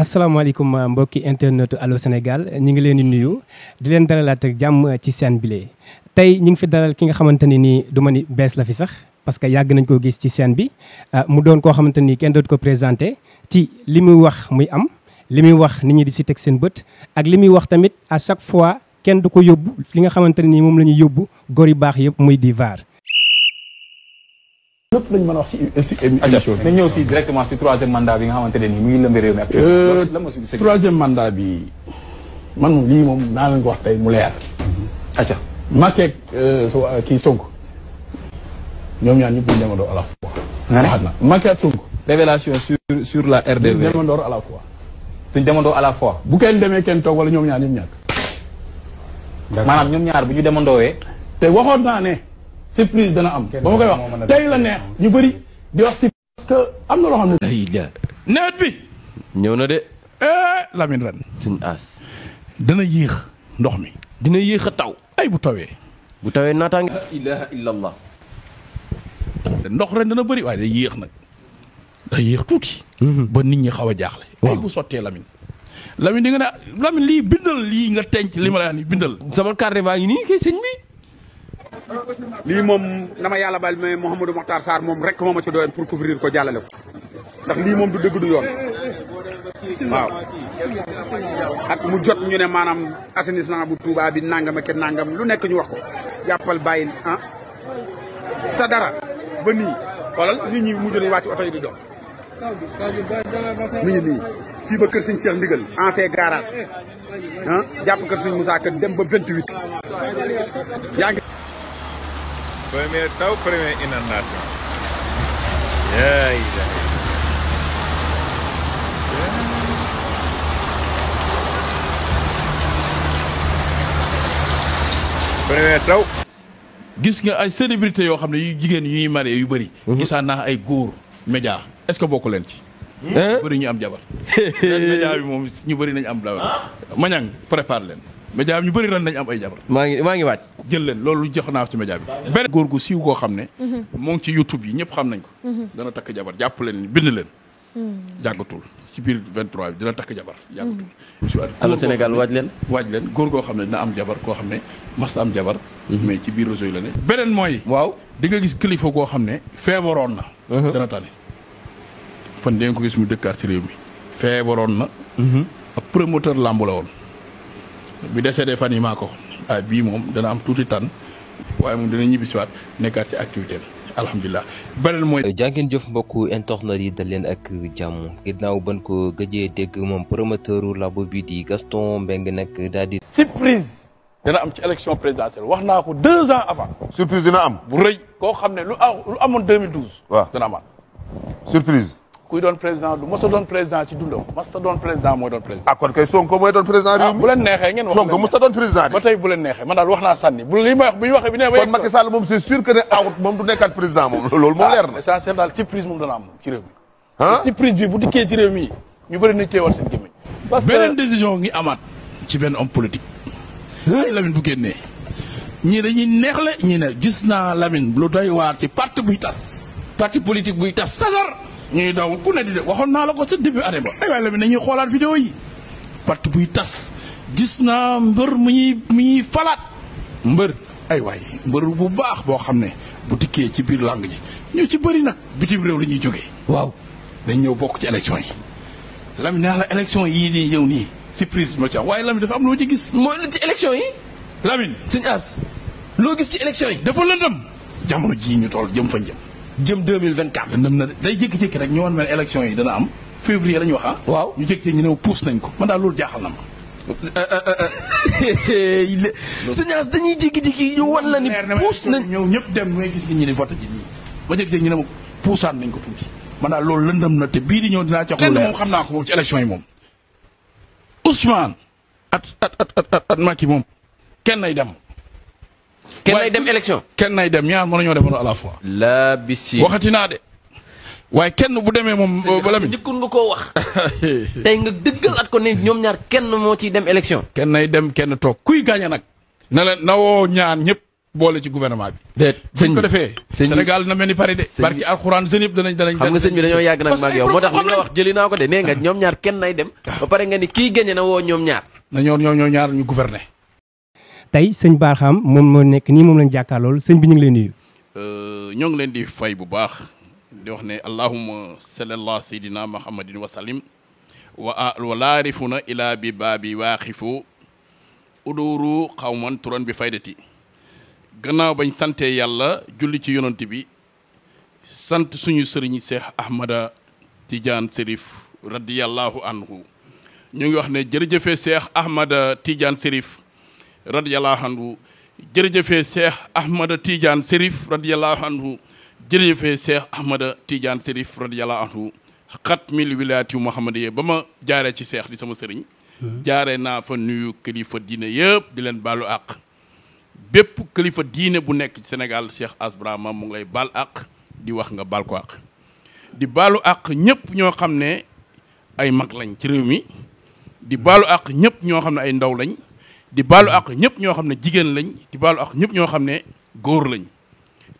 asalaamaaleykum euh, mbokki internet allo Sénégal ñu ngi leen di nuyu di leen dalalaat jàmm euh, ci seen bile tey ñu ngi fi dalal ki nga xamante ne nii du ma ni bees la fi sax parce que yàgg nañ koo gis ci seen bi euh, mu doon koo xamante ni kenn dootu ko présenté ci li muy wax muy am li muy wax nit ñi di si teg seen bët ak li muy wax tamit à chaque fois kenn du ko yóbbu li nga xamante ne nii moom la ñuy yóbbu góor yu baax yëpp muy di vaar lépp lañ man a wax ci émission bi. ñëw si directement si troisième mandat bi nga xamante ne nii mu ngi réew mi ak. Euh, troisième mandat bi man moom lii moom naa leen wax tey mu leer. acca Macky ak euh, kii Sonko ñoom ñaar ñëpp ñu demandoo à la fois. nga na Macky ak Sonko. révélation sur sur la RDV. ñu à la fois. duñ demandoo à la fois. bu kenn demee kenn toog wala ñoom ñaar ñoom ñàkk. maanaam ñoom ñaar bu ñu demandoowee. te waxoon naa ne. surprise dana am ba ma koy wax tey la neex ñu bëri di wax si parce que am na loo xam ne. nawet bi. ñëw na de. Eh, lamin ren. suñ as. dana yéex ndox mi. dina yéex a taw. ay bu tawee. bu tawee naataange. la ilaha illallah. ndox ren dana bëri waaye day yéex nag. day yéex tuuti. Mhm. ba nit ñi xaw a jaaxle. ay bu sottee Lamine. Lamine di nga ne Lamine lii bindal lii nga tenc li ma la wax nii bindal. sama carte baa ngi nii kay sëñ bi. lii moom na ma yàlla baal mais Mouhamadou Mokhtar saar moom rek moo ma ci doyoon pour couvrir ko jàllale ko ndax lii moom du dëgg du yoon waaw mu jot ñu ne maanaam assainissement bu Touba bi nangam ak nangam lu nekk ñu wax ko jàppal bàyyi ah te dara ba nii xoolal nit ñi mujj nañ oto yi di dox mi ngi nii fii ba kër sëñ Cheikh Ndigal ancien garage ah jàpp kër sëñ Moussa Kane dem ba vingt-huit yaa ngi premier taw premier inondation yaay taw gis nga ay célébrité yoo xam ne yu jigéen yu ñuy yu bëri mhm. gisaan naa ay góor média est-ce que bokk leen ci bëri ñu am jabar média bi moom ñu bari nañu am jabar ah. mañang prépare leen média yu ñu bëri ren nañ am ay jabar maa ngi maa ngi waaj jël leen loolu jox naa ci média bi benn góor gu siw koo xam ne mhm. moo ngi ci youtube yi ñëpp xam nañ ko mhm. dana takk jabar jàpp leen bind leen mhm. yàggatul si biir 23 bi dina takk jabar yàggatul allo Sénégal waaj leen waaj leen góor goo xam ne dina am jabar koo xam ne mas am jabar mais ci biir réseau yi la ne beneen mooy waaw di nga gis kilifa koo xam ne feebaroon na dana tane fan di nga ko gis mu dëkkaat ci réew mi feebaroon na ab promoteur la woon bi décédé fan yi maa ko ah, bii moom dana am tuuti tànn waaye moom dana ñibbisiwaat nekkaat ci activité am alhamdulilah beneen mooy. Euh, jàngeen jëf mbokk internet yi dal leen ak jàmm ginnaaw ban ko gëjee dégg moom promoteuru labo bi di Gaston Mbengue nekk daal di. surprise dana am ci élection présidentielle wax naa ko deux ans avant. surprise dina am. bu rëy koo xam ne lu amoon 2012. waaw dana amaat surprise. kuy doon président du mos a doon président ci dundam mos doon président mooy doon président. ah kon kay Sonko mooy doon président réew ah, bu leen neexee ngeen wax Sonko mos doon président ba tey bu leen neexee man daal wax naa sànni bu li may wax bi nee. kon Macky Sall moom c'est sûr moom loolu moom ah, leer na. essentiel daal surprise moom dana am ci réew mi. ah surprise bi bu dikkee ci réew mi ñu bëri nañu teewal seen gémmiñ. parce ñuy daw ku ne di de waxoon naa la ko sa début année ba ay waaye la mi nañuy xoolaat vidéo yi parti buy tas gis naa mbër mu ñuy mu ñuy falaat mbër ay waay mbër bu baax boo xam ne bu dikkee ci biir làng ji ñu ci bëri nag bitim réew la ñuy jógee waaw dañ ñëw bokk ci élection yi lami naa la élection yii nii yow nii surprise bi ma ci am waaye Lamine dafa am loo ci gis. mooy ci élection yi. Lamine. suñu as loo gis ci élection yi. dafa lëndëm jamono jii ñu toll jëm fañ jëm. jëm 2024. dem na day jékki-jékki rek ñu wan mel élection yi dana am février la ñu wax ah. waaw ñu jékki-jékki ñu ne puus nañ ko man daal loolu jaaxal na ma. Euh, euh, euh, dañuy jékki-jékki ñu wan la ni puus nañ. ñëw ñëpp dem ngay gis nit ñi di voté ñu ne ma puusaan nañ ko tuuti. man daal loolu lëndam na te bii di ñëw dinaa jox. lu moom xam naa ko moom ci élection yi moom. Ousmane. at at at at at moom kenn nay dem. kenn nay dem élection kenn nay dem ñaar mënuñoo demoon à la fois. la bisi waxati naa de. waaye kenn bu demee moom ba Lamine njëkkul nga koo wax. tey nga dëggalaat ko ne ñoom ñaar kenn moo ciy dem élection. kenn nay dem kenn toog kuy gaañ nag. na leen ñaan ñëpp boole ci gouvernement bi. déet sëñ ko defee. Sénégal na mel ni tax li nga wax jëli naa ko de nee nga ñoom ñaar kenn nay dem. ba pare nga ni kii gagné na woo ñoom ñaar. na ñoo ñoo ñaar ñu guverne tey sëñ Barham moom moo nekk nii moom lañ jàkkaarlool sëñ bi ñu ngi leen euh, ñoo ngi leen di fay bu baax di wax ne allahumma sallallahu sayyidina muhammadin wa salim wa walaarifuna ila bi baabi waaxifu uduru xawman turon bi faydati gannaaw bañ santee yàlla julli ci yonant bi sant suñu sëriñ seex ahmada Tidiane Serif radiyallahu anhu ñu ngi wax ne jërëjëfe seex ahmada Tidiane Serif radiyallahu anhu jërëjëfee Cheikh Ahmada Tidiane Serif radiyallahu anhu jërëjëfee Cheikh Ahmada Tidiane Serif radiyallahu anhu xatmil wilayaat yu Muhammadiyya ba ma jaaree ci seex di sama sëriñ hmm. jaare naa fa nuyu kilifa diine yëpp di leen baalu àq bépp kilifa diine bu nekk ci Sénégal Cheikh Ass Barhama mu ngi lay baal àq di wax nga baal ko àq di baalu àq ñëpp ñoo xam ne ay mag lañ ci réew mi di baalu àq ñëpp ñoo xam ne ay ndaw lañ di baalu ak ñëpp ñoo xam ne jigéen lañ di baalu ak ñëpp ñoo xam ne góor lañ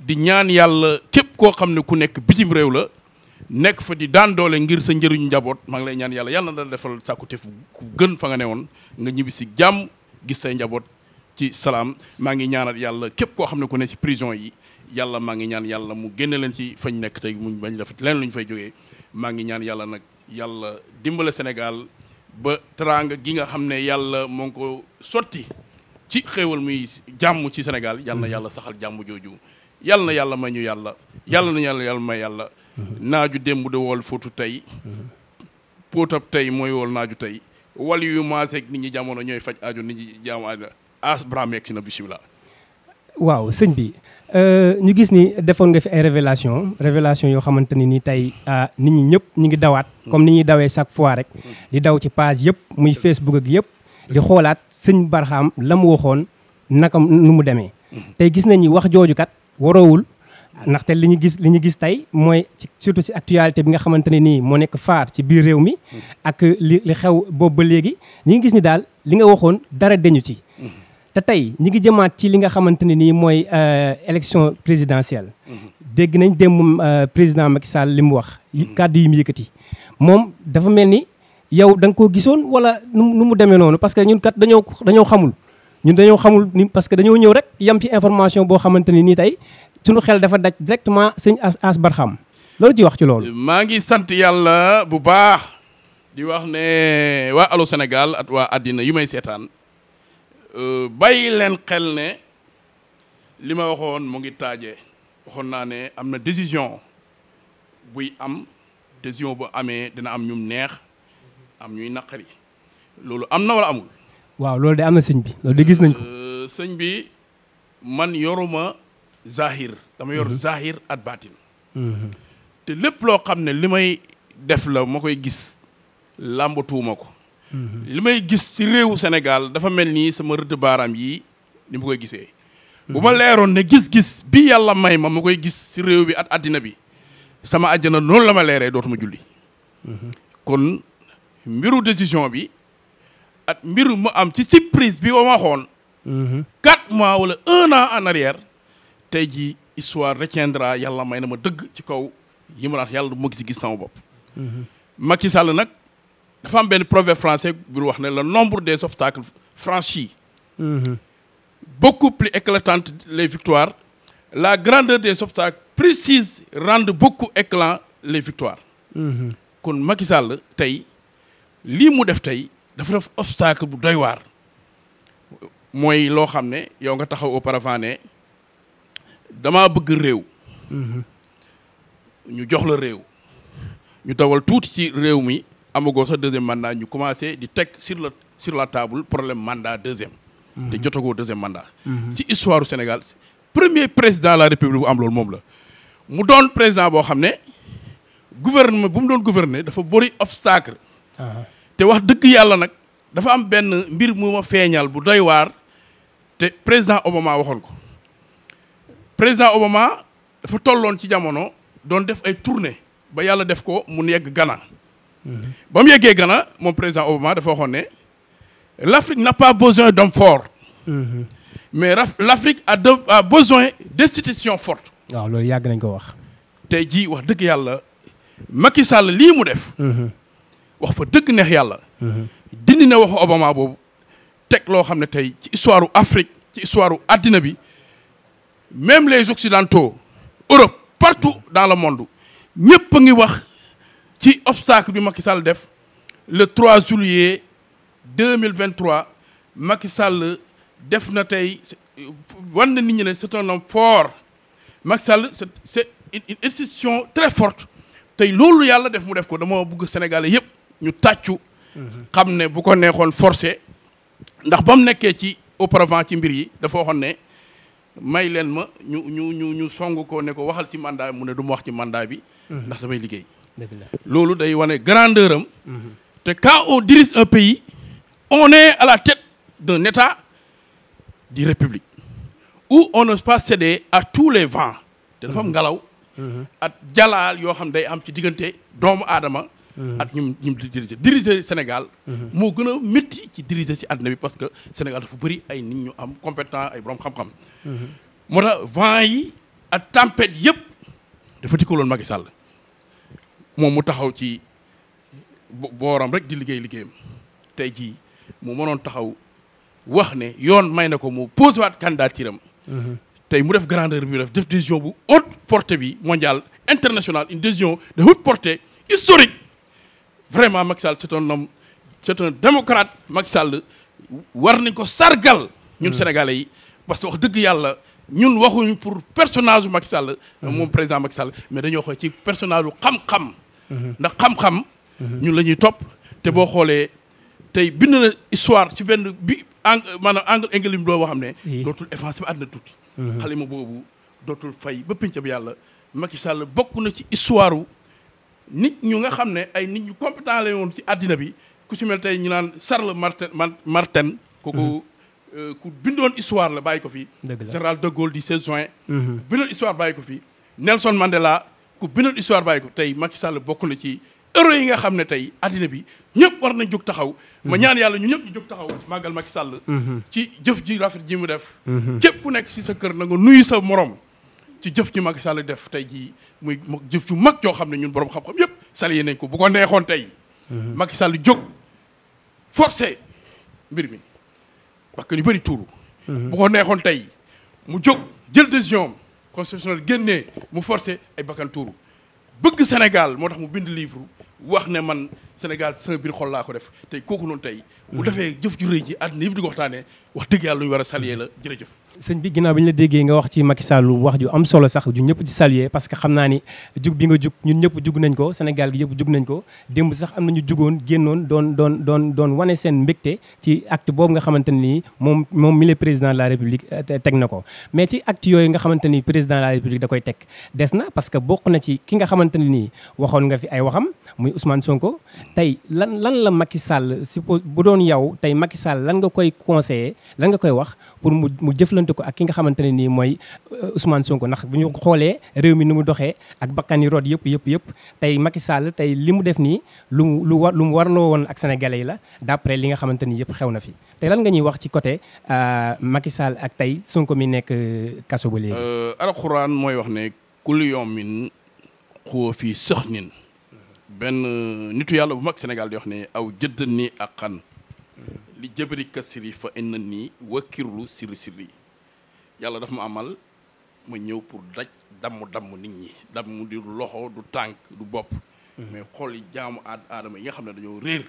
di ñaan yàlla képp koo xam ne ku nekk bitim réew la nekk fa di daan doole ngir sa njëriñu njaboot maa ngi lay ñaan yàlla yàlla na la defal sàkkuteef ku gën fa nga ne woon nga ñibbi si jàmm gis say njaboot ci salaam maa ngi ñaanal yàlla képp koo xam ne ku ne si prison yi yàlla maa ngi ñaan yàlla mu génne leen si fañ nekk mu muñ bañ def leen ñu fay jógee maa ngi ñaan yàlla nag yàlla dimbale Sénégal ba teraanga gi nga xam ne yàlla moo ko sotti ci xéewal muy jàmm ci Sénégal yal na mm-hmm. yàlla saxal jàmm jooju yal na yàlla may yàlla yàlla na yàlla yàlla may yàlla mm-hmm. naaju démb de wool fóotu tey mm-hmm. póotab tey mooy wool naaju tey wal yu maaseeg nit ñi jamono ñooy faj aajo nit ñi jaamu aajo as brameeg si na bisimilah waaw sëñ bi Euh, ñu gis ni defoon nga fi ay révélation révélation yoo xamante ni ni tey ah, nit ñi ñëpp ñu ngi dawaat comme ni ñuy dawee chaque fois rek di daw ci page yëpp muy Facebook ak yëpp di xoolaat sëñ Barham la mu waxoon naka nu mu demee tey gis nañu wax jooju kat waroowul ndaxte li ñu gis li ñu gis tey mooy surtout ci actualité bi nga xamante ne nii moo nekk faar ci biir réew mi ak li xew boobu ba léegi ñu ngi gis ni daal li nga waxoon dara deñu ci te tey ñi ngi jëmaat ci li nga xamante ne nii mooy euh, élection présidentielle. Mm-hmm. dégg nañ démb euh, président Macky Sall li mu wax. Mm-hmm. kàddu yi mu yëkkati moom dafa mel ni yow da nga koo gisoon wala nu mu demee noonu parce que ñun kat dañoo dañoo xamul. ñun dañoo xamul ni parce que dañoo ñëw rek yam ci information boo xamante ne nii tey suñu xel dafa daj directement sëñ as as barxam loolu ci wax ci loolu. maa ngi sant yàlla bu baax. di wax ne waa Allô Sénégal at waa àddina yu may seetaan. Euh, bàyyi leen xel ne li ma waxoon mu ngi taaje waxoon naa ne am na décision buy am décision bu amee dina am ñum neex am ñuy naqari loolu am na wala amul. waaw loolu de am na sëñ bi loolu de gis nañ ko. Euh, sëñ bi man yoruma zahir dama yor mhm. zahir at baatin. Mhm. te lépp loo xam ne li may def la ma koy gis làmbatuuma ko. li may gis ci réewu Sénégal dafa mel nii sama rëdd baaraam yii ni ma koy gisee. bu ma leeroon ne gis-gis bi yàlla may ma ma koy gis ci réew bi at àddina bi sama àjjana noonu la ma leeree dootuma julli. kon mbiru décision bi at mbiru mu am ci ci prise bi ba ma waxoon. quatre wala an en arrière tey jii histoire retiendra yàlla may na ma dëgg ci kaw yi ma naan yàlla du ma gis gis sama bopp. Macky Sall nag. dafa am benn français bu wax ne la nombre des obstacles franchis mmh. beaucoup plus éclatantes les victoires la grandeur des obstacles précise rendent beaucoup éclat les victoires mhm. kon Macky Sall tey lii mu def tey dafa def obstacle bu doy mooy loo xam ne yow nga taxaw auparavant ne damaa bëgg réew mhm. ñu jox la réew ñu dawal tuuti ci réew mi amagoo sax deuxième mandat ñu commencé di teg sur la sur la table problème mandat deuxième. Mhm. te jotagoo deuxième mandat. Mhm. si histoire du Sénégal premier président la république bu am loolu moom la. mu doon président boo xam ne gouvernement bu mu doon gouverner dafa bëri obstacle. Ah. te wax dëgg yàlla nag dafa am benn mbir mu ma feeñal bu doy waar te président Obama waxoon ko président Obama dafa tolloon ci jamono doon def ay tournée ba yàlla def ko mu yegg Ghana. ba mu yeggee gana moom président Obama dafa waxoon ne l' Afrique n'a pas besoin d'hommes forts mmh. mais l' a, de, a besoin d'institutions fortes waaw loolu yàgg nañ ko wax tey jii wax dëgg yàlla Macky Sall lii mu def wax fa dëgg neex yàlla dindi na waxu Obama boobu teg loo xam ne tey ci histoire Afrique ci histoire àddina bi même les occidentaux Europe partout dans le monde ñëpp ngi wax ci obstacle bi Macky Sall def le 3 juillet 2023 Macky Sall def na tey wan na nit ñi ne c'est un homme fort Macky Sall c'est une institution très fort tey loolu yàlla def mu def ko dama bëgg Sénégalais yëpp ñu tàccu. xam ne bu ko neexoon forcé ndax ba mu nekkee ci auparavant ci mbir yi dafa waxoon ne may leen ma ñu ñu ñu ñu song ko ne ko waxal ci mandat mu ne du ma wax ci mandaa bi. Mm-hmm. ndax damay liggéey. loolu day wane grandeur am te quand on dirige un pays on est à la tête d'un état di république où on ne peut pas céder à tous les vents te dafa am mm-hmm. ngelaw mm-hmm. ak jalaal yoo xam day am ci diggante doomu aadama mm-hmm. ak ñum ñum diriger diriger Sénégal moo gën a métti ci diriger ci àddina bi parce que Sénégal dafa bëri ay nit ñu am compétent ay borom xam-xam moo tax vent yi ak tempête yëpp dafa dikkaloon Macky Sall moom mu taxaw ci booram rek di liggéey liggéeyam tey jii mu mënoon taxaw wax ne yoon may na ko mu posé waat candidature am mhm. tey mu def grandeur bi mu def def décision bu haute portée bi mondiale internationale une décision de haute portée historique vraiment Macky Sall c'est un homme c'est démocrate Macky Sall war nañ ko sargal ñun mhm. sénégalais yi parce que wax dëgg yàlla ñun waxuñ pour personnage Macky Sall mhm. moom président Macky Sall mais dañoo xool ci personnage u xam-xam ndax xam-xam. ñun la ñuy topp te boo xoolee tey bind na histoire ci benn bi ang maanaam angle anglais bi doo xam ne. dootul effacé ba àddina tuuti. Mhm. xale boobu dootul fay ba pénc bi yàlla Macky Sall bokk na ci histoire nit ñu nga xam ne ay nit ñu compétent woon ci àddina bi ku si tey ñu naan Charles Martin Martin kooku. Mhm. Euh, ku bindoon histoire la bàyyi ko fi. général de Gaulle di 16 juin. Mhm. bindoon histoire bàyyi ko fi Nelson Mandela. ku bindoon histoire bàyyi ko tey Macky Sall bokk na ci héros yi nga xam ne tey addina bi ñëpp war nañ jóg taxaw ma ñaan yàlla ñu ñëpp ñu jóg taxaw màggal Macky sàll mhm. ci jëf ji rafet ji mu def mhm. képp ku nekk si sa kër na nga nuyu sa morom ci jëf ji Macky Sall def tey jii muy jëf ju mag joo xam ne ñun borom xam-xam yëpp salué nañ ko bu ko neexoon tey mhm. Macky Sall jóg forcé mbir mi parce que ñu bëri tuuru bu ko neexoon tey mu jóg jël décision constitutionnel génnee mu forcé ay bakkan tuuru bëgg Sénégal moo tax mu bind livre wax ne man Sénégal sama biir xol laa ko def tey kooku noonu tey. bu defee jëf ju rëy ji àddina yëpp di ko waxtaanee wax dëgg yàlla lu ñu war a saluer la jërëjëf. sëñ bi ginnaaw bi ñu la déggee nga wax ci Macky Sall wax ju am solo sax ju ñëpp ci saluer parce que xam naa ni jug bi nga jug ñun ñëpp jug nañ ko Sénégal gi yëpp jug nañ ko démb sax am na ñu jugoon génnoon doon doon doon doon wane seen mbégte ci acte boobu nga xamante ni moom moom mi le président de la république euh, teg na ko. mais ci acte yooyu nga xamante ni président de la république da koy teg des na parce que bokk na ci ki nga xamante ni waxoon nga fi ay waxam muy Ousmane Sonko tey lan lan la Macky Sall suppose bu doon yow tey Macky Sall lan nga koy conseiller lan nga koy wax pour mu mu jëflante ko ak ki nga xamante ne nii mooy euh, Ousmane Sonko ndax bu ñu xoolee réew mi nu mu doxee ak bakkan yi yëpp yëpp yëpp tey Macky Sall tey li mu def nii lu mu lu war lu mu warloo woon ak sénégalais yi la d'après li nga xamante ni yëpp xew na fi te lan nga ñuy wax ci côté euh, Macky Sall ak tey Sonko mi nekk euh, kaso ba léegi. alxuraan mooy wax ne kullu yawmin huwa fii sixnin benn euh, nitu yàlla bu mag Sénégal di wax ne aw jënd ni ak xan li jëbëri kasiri fa inn nii wakkirlu sirri sirri yàlla dafa ma amal ma ñëw pour daj damm damm nit ñi damm di loxo du tànk du bopp mais xool yi jaamu aadama yi nga xam ne dañoo réer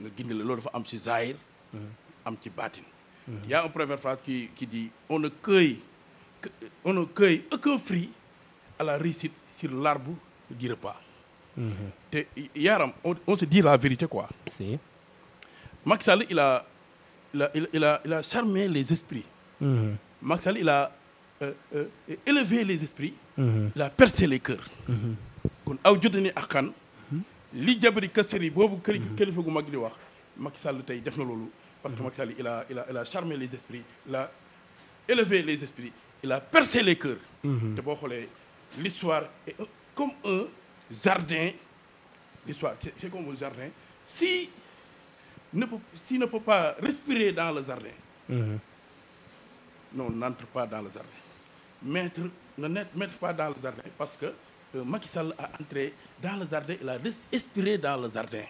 nga gindi la loolu dafa am ci zahir am ci baatin y a un proverbe phrase qui qui dit on ne cueille on ne cueille aucun fruit à la réussite sur l'arbre du repas te yaaram on se dit la vérité quoi. si. Macky Sall il a il a les esprits. Mhm. Macky Sall euh, euh, élever les esprits. Mhm. il a les cœurs. Mhm. kon aw jotani ak kan. li jabari kasari boobu. kër kilifa gu mag di wax. Macky Sall tey def na loolu. parce que Macky Sall il charmé les esprits la a les esprits il a les cœurs. te boo xoolee l'histoire est comme un. jardin l'histoire c'est comme le jardin si ne peut si ne peut pas respirer dans le jardin mmh. non n'entre pas dans le jardin maître ne n'entre pas dans le jardin parce que euh, Macky Sall a entré dans le jardin il a respiré dans le jardin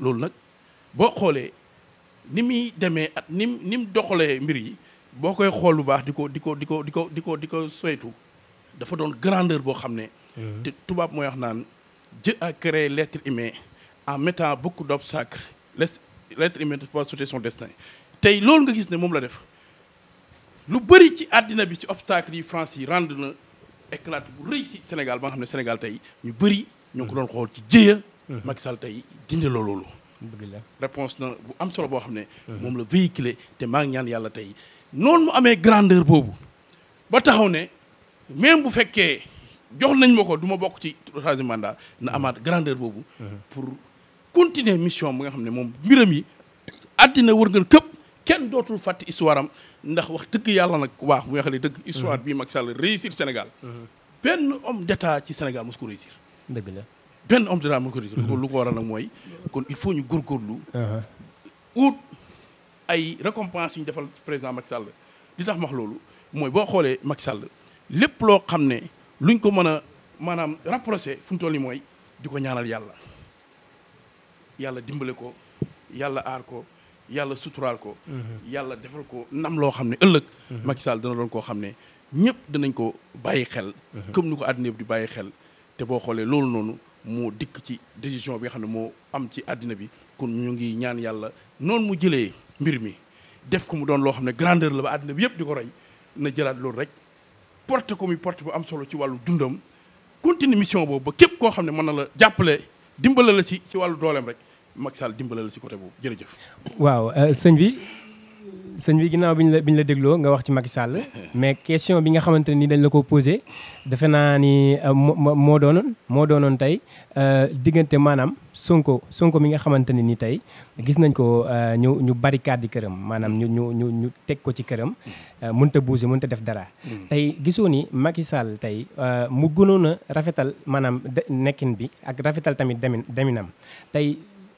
loolu nag boo xoolee ni muy demee at ni mu ni mu doxalee mbir yi boo koy xool lu baax di ko di ko di ko di ko di ko di ko soytu dafa doon grandeur boo xam ne Mhm. te tubaab mooy wax naan Dieu a créé l'être humain en mettant beaucoup d'obstacles l'être humain ne peut pas sauter son destin tey loolu nga gis ne moom la def lu bëri ci àddina bi ci obstacle yi France yi rend na éclat bu rëy ci Sénégal ba nga xam ne Sénégal tey ñu bëri ñoo ko doon xool ci jéya mhm. Macky Sall tey dindi la loolu réponse na bu am solo boo xam ne mhm. moom la véhiculé te maa yàlla tey noonu mu amee grandeur boobu ba taxaw ne même bu fekkee jox nañ ma ko du ma bokk ci troisième mandat na amaat grandeur boobu pour continuer mission bi nga xam ne moom mbiram yi àddina wërngal këpp kenn dootul fàtte histoire am ndax wax dëgg yàlla nag ku baax mu waxale dëgg histoire bii Macky Sall réussir Sénégal benn om d'état ci Sénégal mos ko réussir dëgg la benn homme d'état mos lu ko waral nag mooy kon il faut ñu góor góorgóorlu ut ay récompense yu ñu defal président Macky Sall li tax max loolu mooy boo xoolee Macky Sall lépp loo xam ne luñ ko mën a maanaam rapproché fu mu toll nii mooy di ko ñaanal yàlla yàlla dimbale ko yàlla aar ko yàlla suturaal ko. Mm-hmm. yàlla defal ko nam loo xam ne ëllëg. Mm-hmm. Macky Sall dana doon koo xam ne ñëpp danañ ko bàyyi xel. Mm-hmm. comme ni ko àddina bi di bàyyi xel te boo xoolee loolu noonu moo dikk ci décision bi xam ne moo am ci àddina bi kon ñu ngi ñaan yàlla noonu mu jëlee mbir mi def ko mu doon loo xam ne grandeur la ba àddina bi yëpp di ko roy na jëlaat loolu rek. porte ko muy porte bu am solo ci wàllu dundam continue mission boobu ba képp koo xam ne mën na la jàppale dimbale la ci ci wàllu dooleem rek Macky Sall dimbale la ci côté boobu jërëjëf. waaw euh, sëñ bi. sëñ bi ginnaaw bi ñu la bi ñu la dégloo nga wax ci Macky Sall mais question bi nga xamante ni dañ la ko posé defe naa ni euh, moo doon moo doonoon tey euh, diggante maanaam Sonko Sonko bi nga xamante ne ni tey gis nañ ko euh, ñu ñu barricade di këram maanaam ñu ñu ñu ñu teg ko ci këram mënta mun mënta def dara. tey gisoo ni Macky Sall tey mu gënoon a rafetal maanaam nekkin bi ak rafetal tamit demin deminam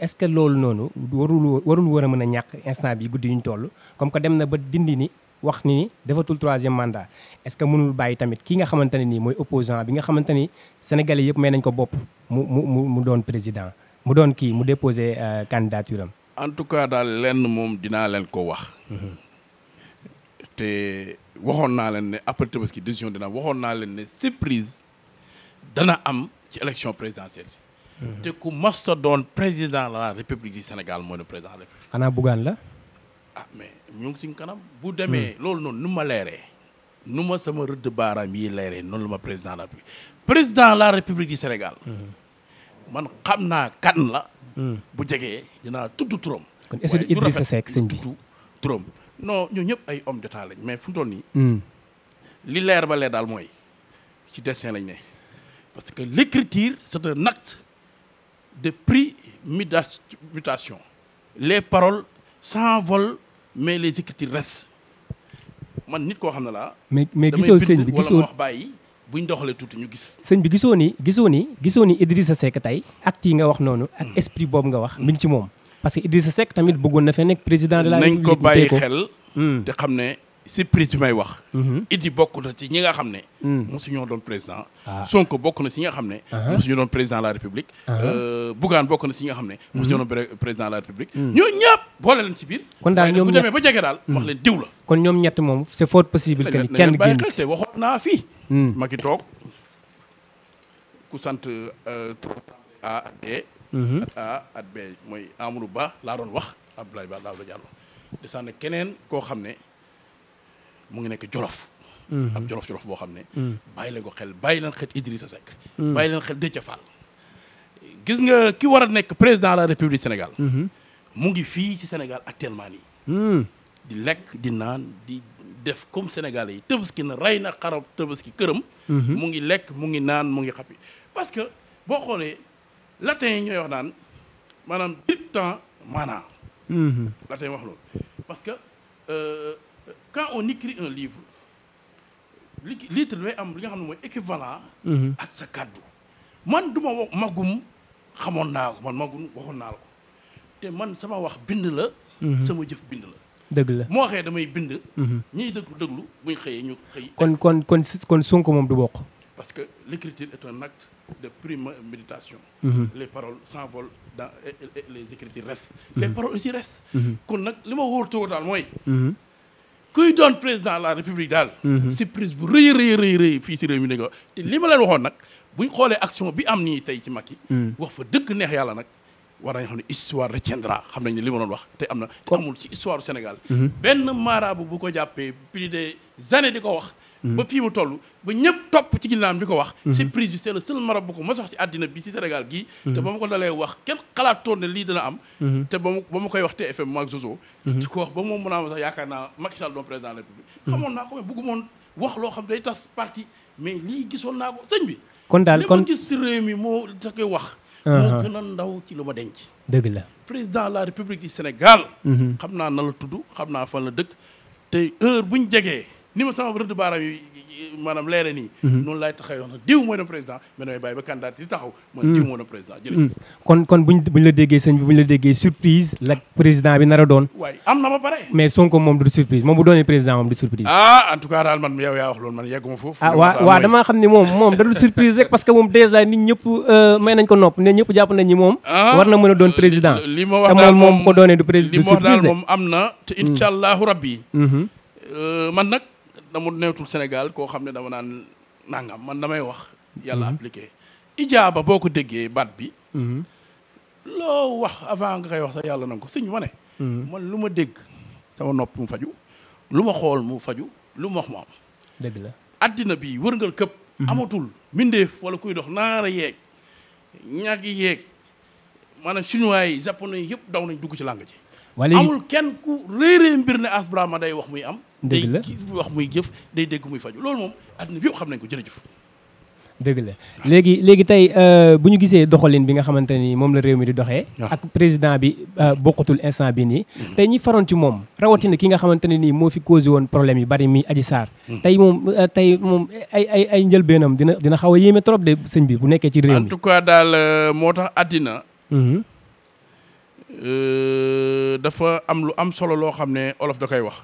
est-ce que loolu noonu warul warul war a mën a ñàkk instant bi guddi ñu toll comme que dem na ba dindi ni wax ni defatul troisième mandat est-ce que mënul bàyyi tamit ki nga xamante ne nii mooy opposant bi nga xamante ni sénégalais yëpp may nañ ko bopp mu mu mu doon président mu doon kii mu déposé euh, candidature am en tout cas daal lenn moom dinaa leen ko wax mhm. te waxoon naa leen ne après Tabaski décision dina waxoon naa leen ne surprise dana am ci élection présidentielle te ku masta doon président la république du Sénégal moo ne président de la république. la. ah ñu ngi kanam. bu demee hmm. loolu noonu nu ma leeree. nu ma sama rëdd baaraam yi leeree noonu la ma président la république président la république du Sénégal. Hmm. man xam naa kan la. Hmm. bu jegee dinaa tudd turam. kon est-ce que Idrissa Seck sëñ bi turam. ñoo ñëpp ay homme d'état lañ mais fu mu nii. li leer ba leer daal mooy ci destin lañ ne parce que l'écriture c'est un acte. de prix mutation. Les paroles s'envolent, mais les écritures restent. man nit koo xam ne laa. mais mais gisoo sëñ bi gisoo damay bind wala tuuti ñu gis. sëñ bi gisoo ni gisoo ni gisoo ni Idrissa Seck tey acte yi nga wax noonu. ak hmm. esprit boobu nga wax mi ngi ci moom. parce que Idrissa Seck tamit bëggoon na fee nekk président la république. nañ ko bàyyi xel. Hmm. te xam ne surprise bi may wax. Mhm. di bokk na ci ñi nga xam ne. Mm. mosu ñoo doon président. Ah. Sonko bokk na ci ñi nga xam ne. Uh-huh. mosu doon président la république. Uh-huh. Euh, Bougane bokk na ci ñi nga xam ne. Mm-hmm. mosu ñu doon président la république. Mm. ñoo ñëpp boole leen ci biir. kon daal ñoom ñett demee ba jege daal. Mm. wax leen diw kon ñoom ñett moom c'est fort possible que ni kenn génn si waxoon naa fii. ma ki toog ku sant euh, trop A at D. at mooy Amadou Ba laa doon wax Abdoulaye Ba laa doon jàll. des na keneen koo xam ne. mu ngi nekk jolof mhm. ab jolof jolof boo xam ne mhm. bàyyi leen ko xel bàyyi leen xel Idrissa Seck mhm. bàyyi leen xel Déthié Fall gis nga ki war a nekk président de la république Sénégal mu ngi fii ci Sénégal actuellement nii di lekk di naan di def comme sénégal yi tabaski na rey na xarab tabaski këram mu ngi lekk mu ngi naan mu ngi xappi parce que boo xoolee latin yi ñooy wax naan maanaam tout temps maanaa latin wax loolu parce que euh, quand on écrit un li litre lay am li nga xam ne mooy équivalent mhm. ak sa kàddu man du ma magum xamoon naa ko man magum waxoon naa la ko te man sama wax bind la mhm. sama jëf bind la dëgg la moo waxee damay bind mhm. ñiy déglu déglu buñ xëyee ñu xëy kon kon kon kon Sonko moom du bokk parce que l'écriture est un acte de prime méditation les paroles s'envolent dans les écritures restent les paroles aussi restent kon nag li ma wóor tawoo daal mooy kuy doon président de la république daal. Mhm. surprise bu rëy rëy rëy rëy fii si réew mi dañ te li ma leen waxoon nag buñ xoolee action bi am nii tey ci Macky. Mhm. wax fa dëkk neex yàlla nag war nañ xam ne histoire retiendra xam nañ ne li ma doon wax te am na. amul ci histoire Sénégal. Mhm. benn maaraabu bu ko jàppee plus des années di ko wax. Mm-hmm. ba fii mu toll ba ñëpp topp ci ginnaam di ko wax si prise bi c'est le seul marabout ko ma sax si àddina bi si Sénégal gii mm-hmm. te ba ma ko dalee wax kenn toon ne lii dana am mm-hmm. te ba ma ba ma koy wax TFM maag Zozo di ko wax ba moom mën naa ma sax yaakaar naa Macky Sall doon président de la République ko mais moon wax loo xam day tas parti mais lii gisoon naa ko sëñ bi kon daal kon gis si réew mi moo da wax uh-huh. moo gën ci lu ma denc dëgg la président de la République du Sénégal xam naa na la tudd xam naa fan la dëkk te heure buñ jegee ni ma sama rëdd baaraam yi maanaam leere nii mhm. noonu laay taxawee wax na mhm. mhm. kon kon buñ buñ la déggee sëñ bi buñ la déggee surprise la président bi a ba mais Sonko moom du surprise moom bu doonee président moom du surprise ah en tout cas daal man yow ah, moom moom da du surprise rek parce que moom déjà nit ñëpp euh, may nañ ko nopp ne ñëpp jàpp nañ ñi moom ah, war na mën a doon président li ma wax moom ko doonee du président li ma wax daal moom am na te incha allahu rabbi euh, dama neetul Sénégal koo xam ne dama naan nàngam man damay wax yàlla mhm. appliqué ijaaba boo ko déggee baat bi mhm. loo wax avant nga koy wax sax yàlla nanga ko sëñ ma ne mhm. man lu ma dégg sama nopp mu faju lu ma xool mu faju lu ma wax mu am dégg la àddina bi wërngal këpp amatul mbindeef walla kuy dox naara yeeg ñag yeeg maanaam chinois yi japonais yëpp daw nañ dugg ci làng ji wala amul kenn ku réeréer mbir ne Ass Barhama day wax muy am. dëgg la wax muy jëf day dégg muy faju loolu moom àddina bi yëpp xam nañ ko jërëjëf. dégg la léegi léegi tey euh, bu ñu gisee doxalin bi nga xamante ni moom la réew mi di doxee. Ah. ak président bi euh, bokkatul instant bi nii. Mm-hmm. tey ñi faroon ci moom rawatina ki nga xamante ne nii moo fi causé woon problème yu bari mi Adji Sarr. tey mm. tey moom euh, ay ay njëlbeenam dina dina xaw a yéeme trop sëñ bi bu nekkee ci réew mi. en tout cas daal moo tax àddina. Mm-hmm. Euh, dafa am lu am solo loo xam ne olof da koy wax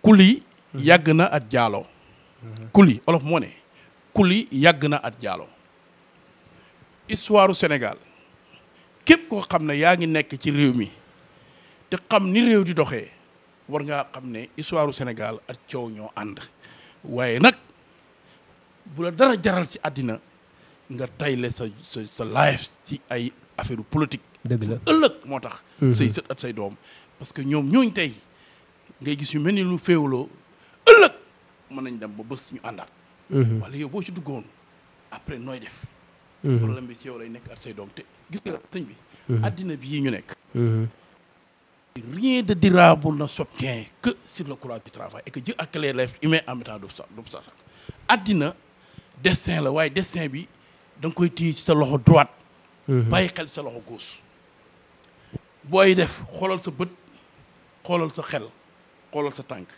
kuli yàgg na at jaaloo kuli olof moo ne kuli yàgg na at jaaloo histoire u Sénégal képp koo xam ne yaa ngi nekk ci réew mi te xam ni réew di doxee war ngaa xam ne histoire u Sénégal at coow ñoo ànd waaye nag bu la dara jaral si àddina nga tayle sa sa sa si ay affaire politique dëgg la ëllëg moo tax. Mhm. say sët at say doom. parce que ñoom ñooñ tey ngay gis yu mel ni lu féewloo ëllëg mën nañ dem ba bés ñu àndaat. Mhm. wala yow boo ci duggoon après nooy def. Mhm. problème bi ci yow lay nekk at say doom te gis nga sëñ bi. addina bi yi ñu nekk. rien de durable ne s'obtient que sur le courage du travail et que Dieu accueille l'être humain en mettant d'obstacle. addina destin la waaye destin bi da nga koy téye ci sa loxo droite. bàyyi xel ci sa loxo gauche. booy def xoolal sa bët xoolal sa xel xoolal sa tànk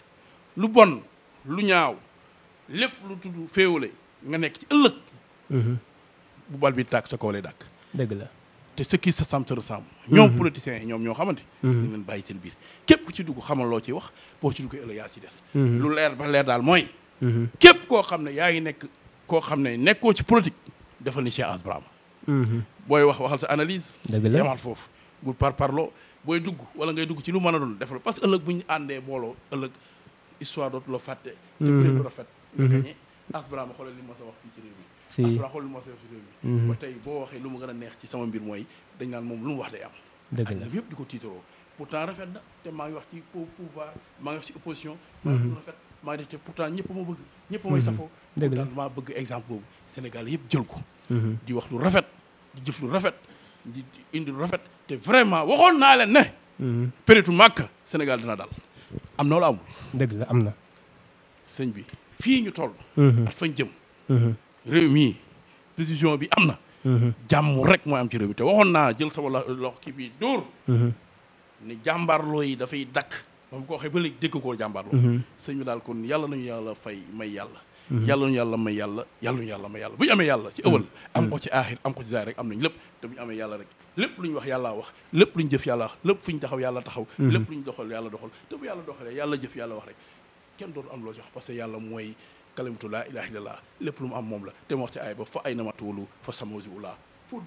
lu bon lu ñaaw lépp lu tudd féewale nga nekk ci ëllëg mhm. bu bal bi tàkk sa kaw lay dàkk dëgg la te ce qui sa ressemble sam ressemble ñoom mhm. politiciens yi ñoom ñoo xamante dañ mhm. leen bàyyi seen biir képp ku ci dugg xamal loo ciy wax boo ci duggee ëllëg yaa ci des lu leer ba leer daal mooy képp koo xam ne yaa ngi nekk koo xam ne nekkoo ci politique defal ni Cheikh Asbrahama booy wax waxal sa analise dëgg la foofu bu par parloo booy dugg wala ngay dugg ci lu mën a doon def la ëllëg bu ñu àndee booloo ëllëg histoire dootu la fàtte. Mm-hmm. te mm-hmm. bëri mm-hmm. ba tey boo waxee lu mu a neex lu rafet maa bëgg. ñëpp may Sénégal yëpp jël ko. di wax lu rafet di jëf lu rafet indi lu rafet te vraiment waxoon naa leen ne. période màkk Sénégal dina daal am na dëgg la am na. sëñ bi fii ñu toll. Mhm. at fañ jëm. Mhm. réew mii décision bi am na. Mhm. jàmm rek mooy am ci réew mi te waxoon naa jël sama loxo kii bi dóor. ni jàmbaarloo yi dafay dakk ba mu ko waxee ba dégg koo jàmbaarloo. sëñ bi daal kon yàlla nañu yàlla fay may yàlla. yàlla nañu yàlla may yàlla yàlla nañu yàlla may yàlla bu ñu amee yàlla ci ëwal am ko ci aaxir am ko ci zaahir rek am nañ lépp te bu ñu amee yàlla rek lépp lu ñu wax yàllaa wax lépp lu ñu jëf yàlla wax lépp taxaw yàlla taxaw mhm. lépp lu ñu doxal yàlla doxal te bu yàlla doxalee yàlla jëf yàlla wax rek am loo jox parce que yàlla mooy kalimatu lépp lu mu am moom la te mu wax ci aay ba fa ay namatuwalu fa samawsiwulaa moo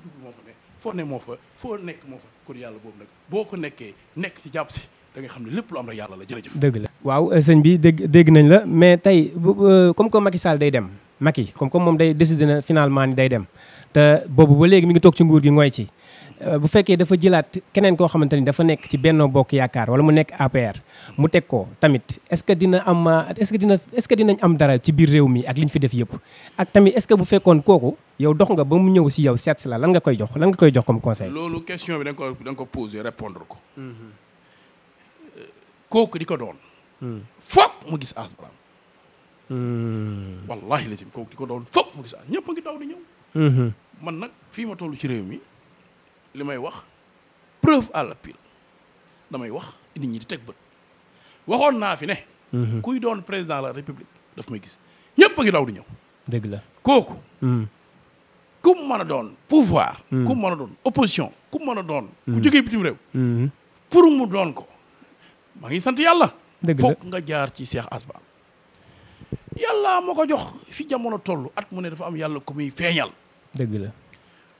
fa ne moo fa foo nekk moo fa yàlla boobu nag boo ko nekkee nekk ci jàpp si da nga xam ne lépp lu am yàlla la jërëjëf dëgg la waaw euh, sëñ bi dégg dégg nañ la mais tey euh, comme que Macky Sall day dem Macky comme comme moom day décidé na finalement ni day dem te boobu ba léegi mi ngi toog ci nguur gi ngooy ci Euh, bu fekkee dafa jëlaat keneen koo xamante ni dafa nekk ci Benno Bokk Yaakaar wala mu nekk APR mu teg ko tamit est-ce que dina am est-ce que dina est am dara ci biir réew mi ak li ñu fi def yëpp ak tamit est-ce que bu fekkoon kooku yow dox nga ba mu ñëw si yow seet si la lan nga koy jox lan nga koy jox comme conseil. loolu question bi da nga ko da nga ko répondre ko. Mm-hmm. Euh, kooku di ko doon. Mm. foog mu gis Ass Barham. Mm. wallaahi lazim kooku di ko doon foog mu gis Ass ñëpp ngi daw di mm-hmm. man nag fii ma toll ci réew mi. li may wax preuve à l'appui damay wax nit ñi di teg bët waxoon naa fi ne. Mhm. kuy doon président la république daf may gis ñëpp a ngi daw di ñëw. dëgg la kooku. Mhm. ku mu mën a doon pouvoir. Mhm. ku mu mën a doon opposition ku mu mën a doon. ku jógee bitim réew. pour mu doon ko maa ngi sant yàlla. dëgg la foog nga jaar ci Cheikh Asba. yàlla moo ko jox fi jamono toll at mu ne dafa am yàlla ku muy feeñal. dëgg la.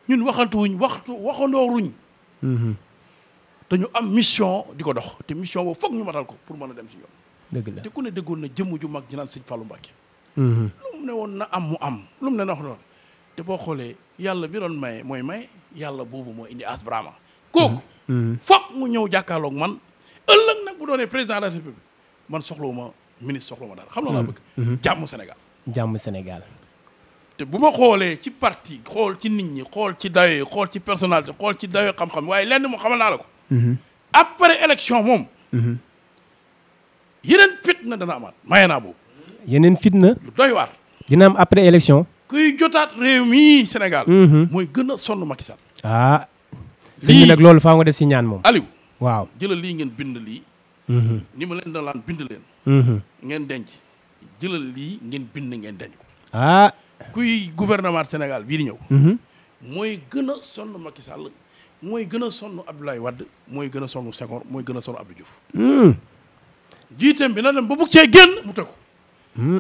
ñun waxantuwuñ waxtu waxandooruñ mm-hmm. te ñu am mission di ko dox te mission boobu foog ñu matal ko pour mën a dem si ñoom. dëgg la te ku ne déggoon na jëmm ju mag ji naan sëñ Fallou Mbacke. Mm-hmm. lu ne woon na am mu am lu mu ne na wax loolu te boo xoolee yàlla bi doon maye mooy may yàlla boobu moo indi as brahma kooku. Mm-hmm. foog mu ñëw jàkkaarlook man ëllëg nag bu doonee président de la république man soxlawuma ministre soxlawuma dara. xam na laa bëgg. jàmm Sénégal. jàmm Sénégal. te bu ma xoolee ci parti xool ci nit ñi xool ci dayo xool ci personnalité xool ci dayo xam-xam waaye lenn mu xamal naa la ko mhm. après élection moom mhm. yeneen fitna dana amaat maye naa boobu yeneen fitna yu doy waar dina am après élection kuy jotaat réew mii Sénégal mhm. mooy gën a sonn Macky Sall ah sëñ bi nag loolu faa nga def si ñaan moom Aliou waaw jëlal lii ngeen bind lii ni ma leen da laan bind leen ngeen denc jëlal lii ngeen bind ngeen denc ko ah. kuy gouvernement Sénégal bii di ñëw. Mhm. mooy gën a sonn Macky Sall mooy gën a sonn Abdoulaye Wade mooy gën a sonn Senghor mooy gën a sonn Abdou Diouf. Mhm. jiiteem bi na dem ba bugg cee génn mu teg ko. Mhm.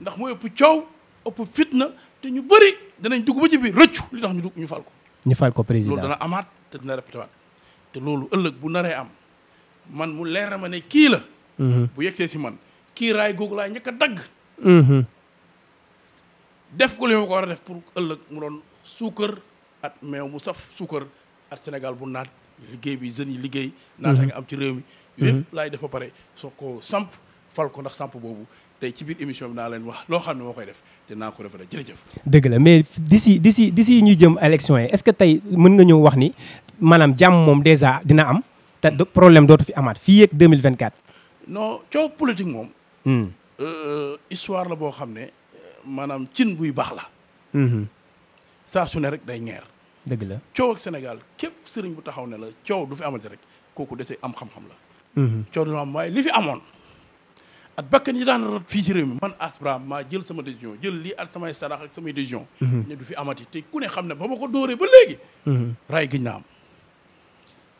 ndax mooy ëpp coow ëpp fitna te ñu bëri danañ dugg ba ci biir rëccu li tax ñu dugg ñu fal ko. ñu fal ko président loolu dana amaat te dina répété waat te loolu ëllëg bu naree am man mu leer na ma ne kii la. bu yegsee si man kii raay googu laay njëkk a dagg. def ko li ma ko war a def pour ëllëg mu doon suukar at meew mu saf suukar at Sénégal bu naat liggéey bi jeunes yi liggéey naata nga am ci réew mi mhm. yëpp laay def ba pare soo ko samp fal ko ndax samp boobu tey ci biir émission bi naa leen wax loo xam ne moo koy def te naa ko defaree jërëjëf. dëgg la mais d'ici d'ici d'ici ñu jëm élection yi est-ce que tey mën nga ñëw wax ni maanaam jàmm moom déjà dina am te problème dootu fi amaat fii yeeg 2024. non coow politique moom. Hmm. Euh, histoire la boo xam ne. maanaam cin buy baax la mm-hmm. saa su ne rek day ñeer dëgg la coow ak Sénégal képp sëriñ bu taxaw ne la coow du fi amati rek kooku desee am xam-xam la mm-hmm. coow du li fi amoon at bakkan yi daan rot ci réew mi man aspra maa jël sama décision jël lii at samay sarax ak samay décision mm-hmm. ne du fi amati te ku ne xam ne ba ma ko dóoree ba léegi ray gëj na am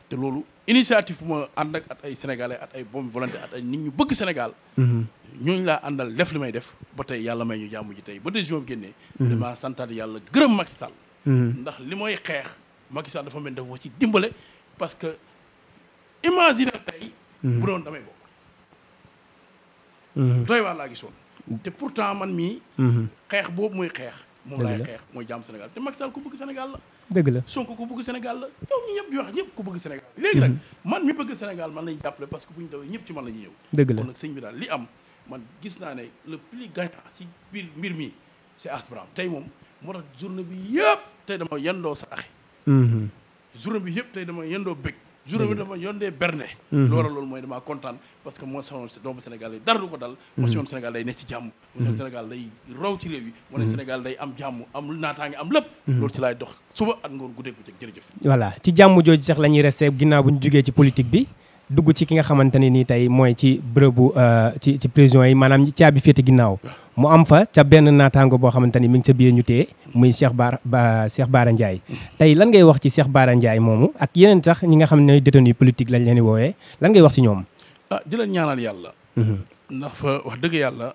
te loolu initiative bu ma ànd ak ay sénégalais at ay bonne volonté at ay nit ñu bëgg Sénégal. Mhm. ñooñu laa àndal def li may def ba tey yàlla may ñu jàmm ji tey ba décision bi génnee. Mhm. damaa santaat yàlla gërëm Macky Sall. Mhm. ndax li mooy xeex Macky Sall dafa mel ni dafa ci dimbale parce que imagine tey. bu doon damay bokk. doy waar laa gisoon. te pourtant man mii. xeex boobu muy xeex. moom laay xeex mooy jàmm Sénégal te Macky Sall ku bëgg Sénégal la. dëgg la Sonko ko bëgg Sénégal la ñoom ñu ñëpp di wax ñëpp ku bëgg Sénégal léegi nag mhm. man mi bëgg Sénégal man lañu jàppale parce que bu ñu dawee ñëpp ci man la ñuy ñëw dëgg la kon nag sëñ bi daal li am man gis naa ne le plus gagnant ci biir mbir mi c'est Ass tey moom moo tax journée bi yëpp tey dama yendoo saraxe mhm. journée bi yëpp tey dama yendoo bëgg jour bi dama yónnee berne mhm. lu waral loolu mooy damaa kontaan parce que moo sonoon doomu Sénégal yi dara du ko dal mhm. moo sonoon Sénégal day nekk ci jàmm moo sonoon mhm. Sénégal day raw ci réew yi moo ne Sénégal day am jàmm am naataange am lépp loolu ci laay dox suba ak gu guddeeg bëccëg jërëjëf voilà ci jàmm jooju sax la ñuy resté ginnaaw bu ñu jógee ci politique bi dugg ci ki nga xamante ne nii tey mooy ci bërëbu euh, ci ci yi maanaam caabi féete ginnaaw mu am fa ca benn naataango boo xamante ni mi ngi ca biir ñu téye muy Cheikh baar ba Cheikh Baara Ndiaye tey lan ngay wax ci seex Baara Ndiaye moomu ak yeneen sax ñi nga xam ne détenu politique lañ leen di woowee lan ngay wax ci ñoom. ah di leen ñaanal yàlla. Mhm. ndax fa wax dëgg yàlla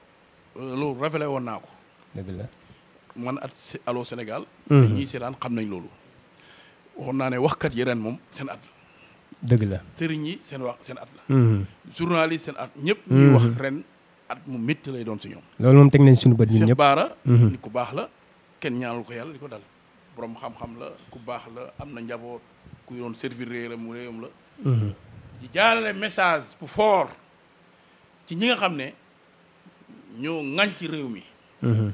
euh, loolu rafetlu woon naa ko. dëgg la man at si Sénégal. te mhm. ñii seetaan xam nañ loolu. waxoon naa ne wax yi ren moom seen at la. dëgg la sëriñ yi seen wax seen at la. Mhm. journaliste seen at ñëpp. ñuy wax ren. at mu métti lay doon si ñoom. loolu moom teg nañ suñu bët ñun ñëpp Cheikh Bara. Mhm. nit baax la kenn ñaanal ko yàlla di ko dal boroom xam-xam la ku baax la am na njaboot ku doon servir réeram réewam la. Mhm. di jaarale message bu foor ci ñi nga xam ne ñoo ŋañ ci réew mi. Mhm.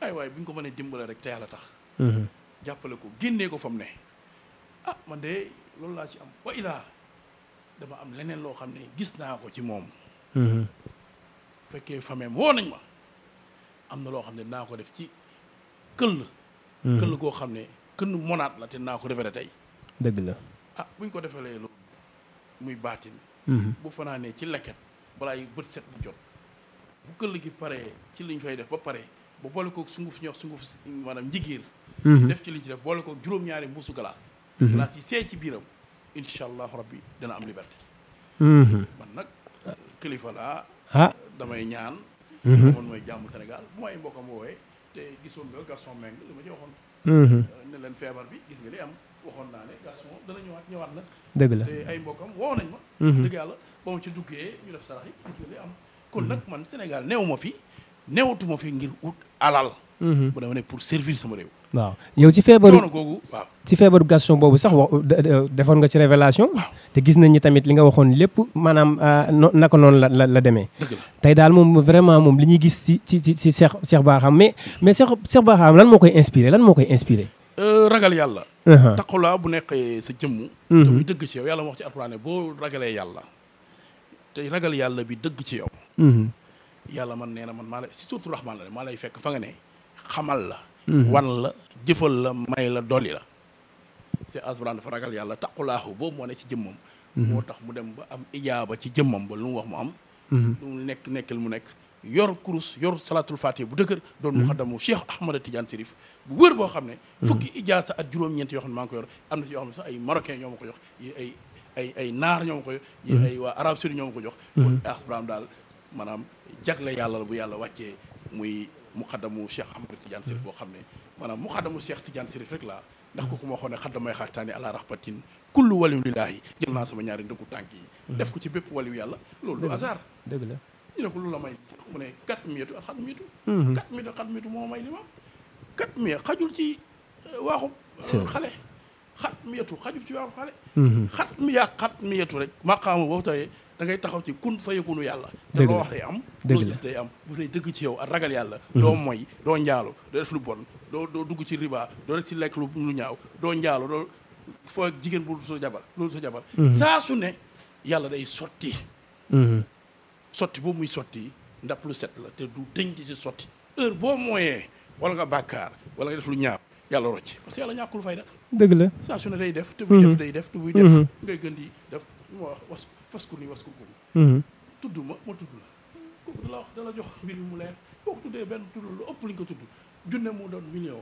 ay waay bu ñu ko mënee dimbale rek te yàlla tax. jàppale ko génnee ko fa mu ne. ah man de loolu laa ci am wa illah dama am leneen loo xam ne gis naa ko ci moom. fekkee fameem woo nañ ma am na loo xam ne naa ko def ci këll hmm. këll goo xam ne kënn monaat la te naa ko révélé tey dëgg la ah buñ ko defalee loolu muy baatin hmm. bu fanaanee ci leket balaay bët set bu jot bu këll gi paree ci liñ fay def ba pare ba boole koog sunguf ñox sunguf maanaam njigiir hmm. def ci liñ ci def boole koog juróom-ñaari mbuusu glace glace yi seey ci biiram incha allahu rabbi dana am liberté man nag kilifa laa ah damay ñaan. moom mhm. mooy jàmm Sénégal bu may mbokkam woowee te gisoon nga Gaston Meng li ma ci waxoon. Mhm. Euh, ne leen feebar bi gis nga li am waxoon naa ne Gaston dana ñëwaat ñëwaat na. dëgg la te ay mbokkam woo nañ ma. Mhm. dëgg yàlla ba ma ci duggee ñu def sarax yi gis nga li am. kon nag man Sénégal néew ma fi newatuma ma fi ngir ut alal. bu dama ne pour servir sama réew. waaw yow ci feebaru googu waaw ci Gaston boobu sax wax defoon nga ci révélation te gis nañ ni tamit li nga waxoon lépp maanaam euh, naka noonu la la la demee tey daal moom vraiment moom li ñuy gis si ci ci ci Cheikh Cheikh Barham mais mais Cheikh Cheikh Barham lan moo koy inspiré lan moo koy inspiré euh, ragal yàlla uh-huh. taqalaa bu nekkee sa jëmm mm-hmm. te muy ci yàlla wax ci alxuraan boo ragalee yàlla te ragal yàlla bi dëgg ci yow mm-hmm. yàlla man nee na man maa lay surtout rahmaan la maa lay fekk fa nga ne xamal la Mm-hmm. wan la jëfal la may la dolli la si asbraan dafa ragal yàlla taqulaahu boobu moo ne ci jëmmam mm-hmm. moo tax mu dem ba am ijaaba ci jëmmam ba lu mu wax mu am mm-hmm. lu nekk nekkal mu nekk yor kurus yor salaatul faatiha bu dëgër doon muxaddamu cheikh ahmada tidiane sérif bu wër boo xam ne fukki sa ak juróom-ñeent yoo xam ne maa ngi ko yor am na ci yoo xam ne sax ay marocain ñoo ko jox yi ay naar ñoo ma ko jox yi ay waa arab saudi ñoo ko jox kon asbraan maanaam jagle yàlla bu yàlla wàccee muy muqaddamu Cheikh Ahmadou Tidiane Sirif hmm. boo xam ne maanaam muqaddamu Cheikh Tidiane Sirif rek laa hmm. ndax ku ko ma waxoon ne xaddamay xaataani ala rahmatin kullu waliyu lillaahi jël naa sama ñaari ndëggu tànk yi hmm. def ko ci bépp waliyu yàlla loolu du hasard dëgg la ñu ne ko lu la may mu ne kat mietu ak xat mietu kat mietu ak xat mietu moo may euh, euh, xajul ci waaxu xale xat mietu xajul ci waaxu xale xat miyaa xat mietu rek maqaama boo tawee da ngay taxaw ci kun fayekunu yàlla te loo wax day am loo jëf day am bu dee dëgg ci yow a ragal yàlla mhm. doo moy doo njaalu doo def lu bon doo doo dugg ci riba doo rek ci lekk lu ñaaw doo njaalu doo foo jigéen bu sa jabar loolu sa jabar mhm. saa su ne yàlla day sotti mhm. sotti boobu muy sotti ndap lu set la te du dëñ di si sotti heure boo mooyee wala nga bàkkaar wala nga def lu ñaaw yàlla rocc parce que yàlla ñàkkul fayda dëgg la saa su ne day def te buy def day def te buy def ngay gën di def wax faskur nii waskur ko mhm. tudd ma ma tudd la kooku da wax da jox mbir mi mu leer boo ko tuddee benn tudd lu ëpp li ñu ko tudd junne mu doon million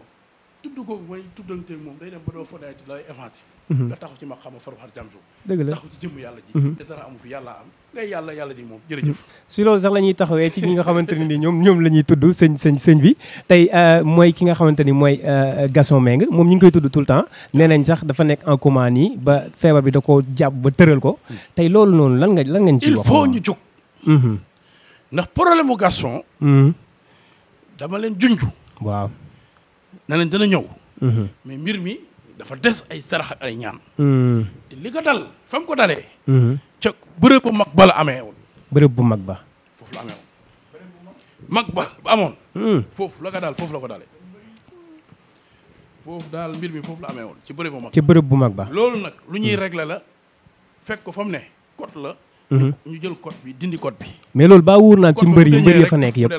tudd googu mooy tuddanteeg moom day dem ba doo fodaay te lay avancé mhm. nga taxaw ci ma ci jëmm mhm. yàlla ji moom jërëjëf mhm. si loolu sax la ñuy taxawee ci ñi nga xamante ne ni ñoom ñoom la ñuy tudd sëñ sëñ sëñ bi tey euh, mooy ki nga xamante ni mooy euh, Gaston Mbengue moom ñu ngi koy tudd tout le temps nee nañ sax dafa nekk en coma nii ba feebar bi da koo jàpp ba tëral ko tey loolu noonu lan nga lan ngañ ci wax il faut ñu jóg ndax problème mu Gaston dama leen junj waaw na leen dana ñëw mhm. mais mbir mi dafa des ay sarax ay ñaan mm. te li ko dal fa ko dalee mhm. ca bërëb bu mag ba la bërëb bu mag ba foofu la amee woon mag ba ba amoon mm. foofu la ko daal foofu la ko dale foofu daal mbir mi foofu la amee woon ci bërëb bu mag ci bërëb bu mag ba loolu nag lu ñuy régler la fekk ko fa mu ne cot la Mm-hmm. ñu jël code bi dindi code bi. mais loolu baa wóor naa ci mbër yi mbër yi fa nekk yëpp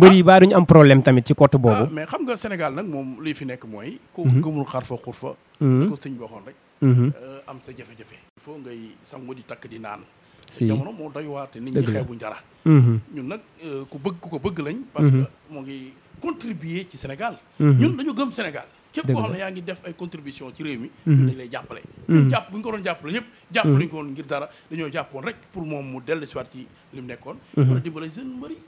mbër yi ah. baa duñu am problème tamit ci côté boobu. Ah, mais xam nga Sénégal nag moom li fi nekk mooy. ku mm-hmm. gëmul xar fa xur fa. Mm-hmm. ko sëñ booxoon rek. Euh, am sa jafe-jafe. il faut ngay sangu di takk di naan. si jamono moo doy waar nit ñi xeebu njara. ñun nag euh, ku bëgg ku ko bëgg lañ. parce que moo ngi contribuer ci Sénégal. ñun dañu gëm Sénégal. képp koo xam ne yaa ngi def ay contribution ci réew mi ñun mhm. dañ lay jàppale mhm. ñun jàpp bu ñu ko doon jàppale yëpp jàppale mhm. ñu ko woon ngir dara dañoo jàppoon rek pour moom mu dellu si waat a dimbale jeune mbëri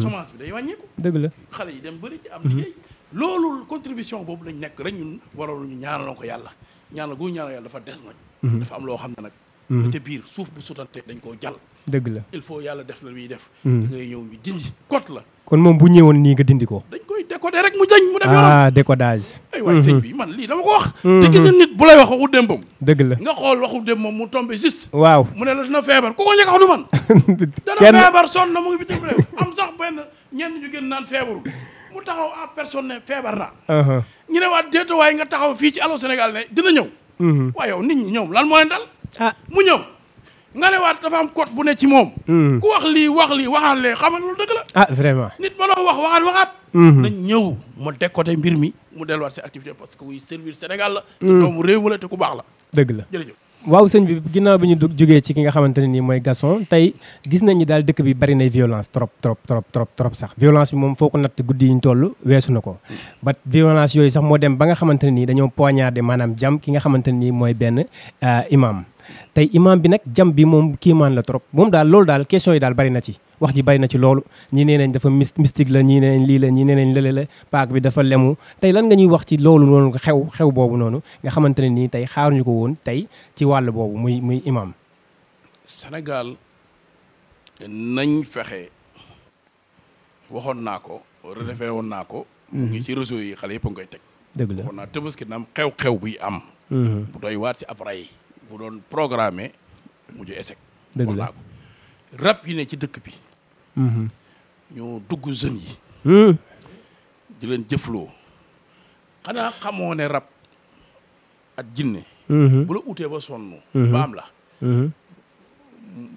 semence bi day wàññeeku dëgg la xale yi dem bëri ci am liggéey loolu contribution boobu lañ nekk rek ñun waroon ñu ñaanal ko yàlla ñaanal goo ñaanal yàlla dafa des nag dafa am loo xam ne nag da ca biir suuf bu sutante dañ koo jàll dëgg la il faut yàlla def la muy def. Hmm. da ngay ñu dindi kot la. kon moom bu ñëwoon nii nga dindi ko. dañ koy décoder rek mu dañ mu dem yoonam ah décodage. Hmm. bi man lii dama ko wax. Hmm, te gis nit bu lay wax waxu démbam. dëgg la nga xool waxu moom mu tombé juste. waaw mu ne la dina feebar ku ko njëkk a na mu ngi bitim réew am sax benn ñenn ñu gën naan feebaru mu taxaw a ah, personne feebar naa. Uh-huh. ñu ne waat déet waaye nga taxaw fii ci Allô Sénégal ne dina ñëw. waaw yow nit ñi ñoom lan moo leen dal. ah nga ne waat dafa am code bu ne ci moom. Hmm. ku wax lii wax lii waxaat lee xamal loolu dëgg la. ah vraiment. nit mënoo wax waxaat waxaat. Hmm. nañ ñëw mu décoté mbir mi mu delluwaat si activité parce que wuy servir Sénégal la. te hmm. doomu réew mi la te ku baax la. dëgg la jërëjëf. waaw sëñ bi ginnaaw bi ñu jógee ci ki nga xamante ne nii mooy gason tey gis nañ ni daal dëkk bi bari nay violence trop trop trop trop trop sax violence bi moom foo ko natt guddi yi ñu toll weesu na ko ba violence yooyu sax moo dem ba nga xamante ne nii dañoo poignardé maanaam jam ki nga xamante ne nii mooy benn euh, imam tey imam bi nag jam bi moom kiimaan la trop moom daal loolu daal question yi daal bari na ci wax ji bari na ci loolu ñi nee nañ dafa mystique la ñi nee lii la ñi nee nañ lële la paak bi dafa lemu tey lan nga ñuy wax ci loolu noonu xew xew boobu noonu nga xamante ne nii tey xaaruñu ko woon tey ci wàll boobu muy muy imaam senegal nañ fexe waxoon naa ko refee woon naa ko mu ngi mhm. ci réseau yi xale yëpp a ngi koy teg dëgg la naa tëbaski na xew-xew buy am mhm. bu doy ci après yi ko doon programmer mujj échec. dëgg la ko rab yi ne ci dëkk bi. Mhm. ñoo dugg jeunes yi. Hmm. di leen jëfloo. xanaa xamoo ne rab ak jinne mhm. bu la utee ba sonn. Mhm. baam la.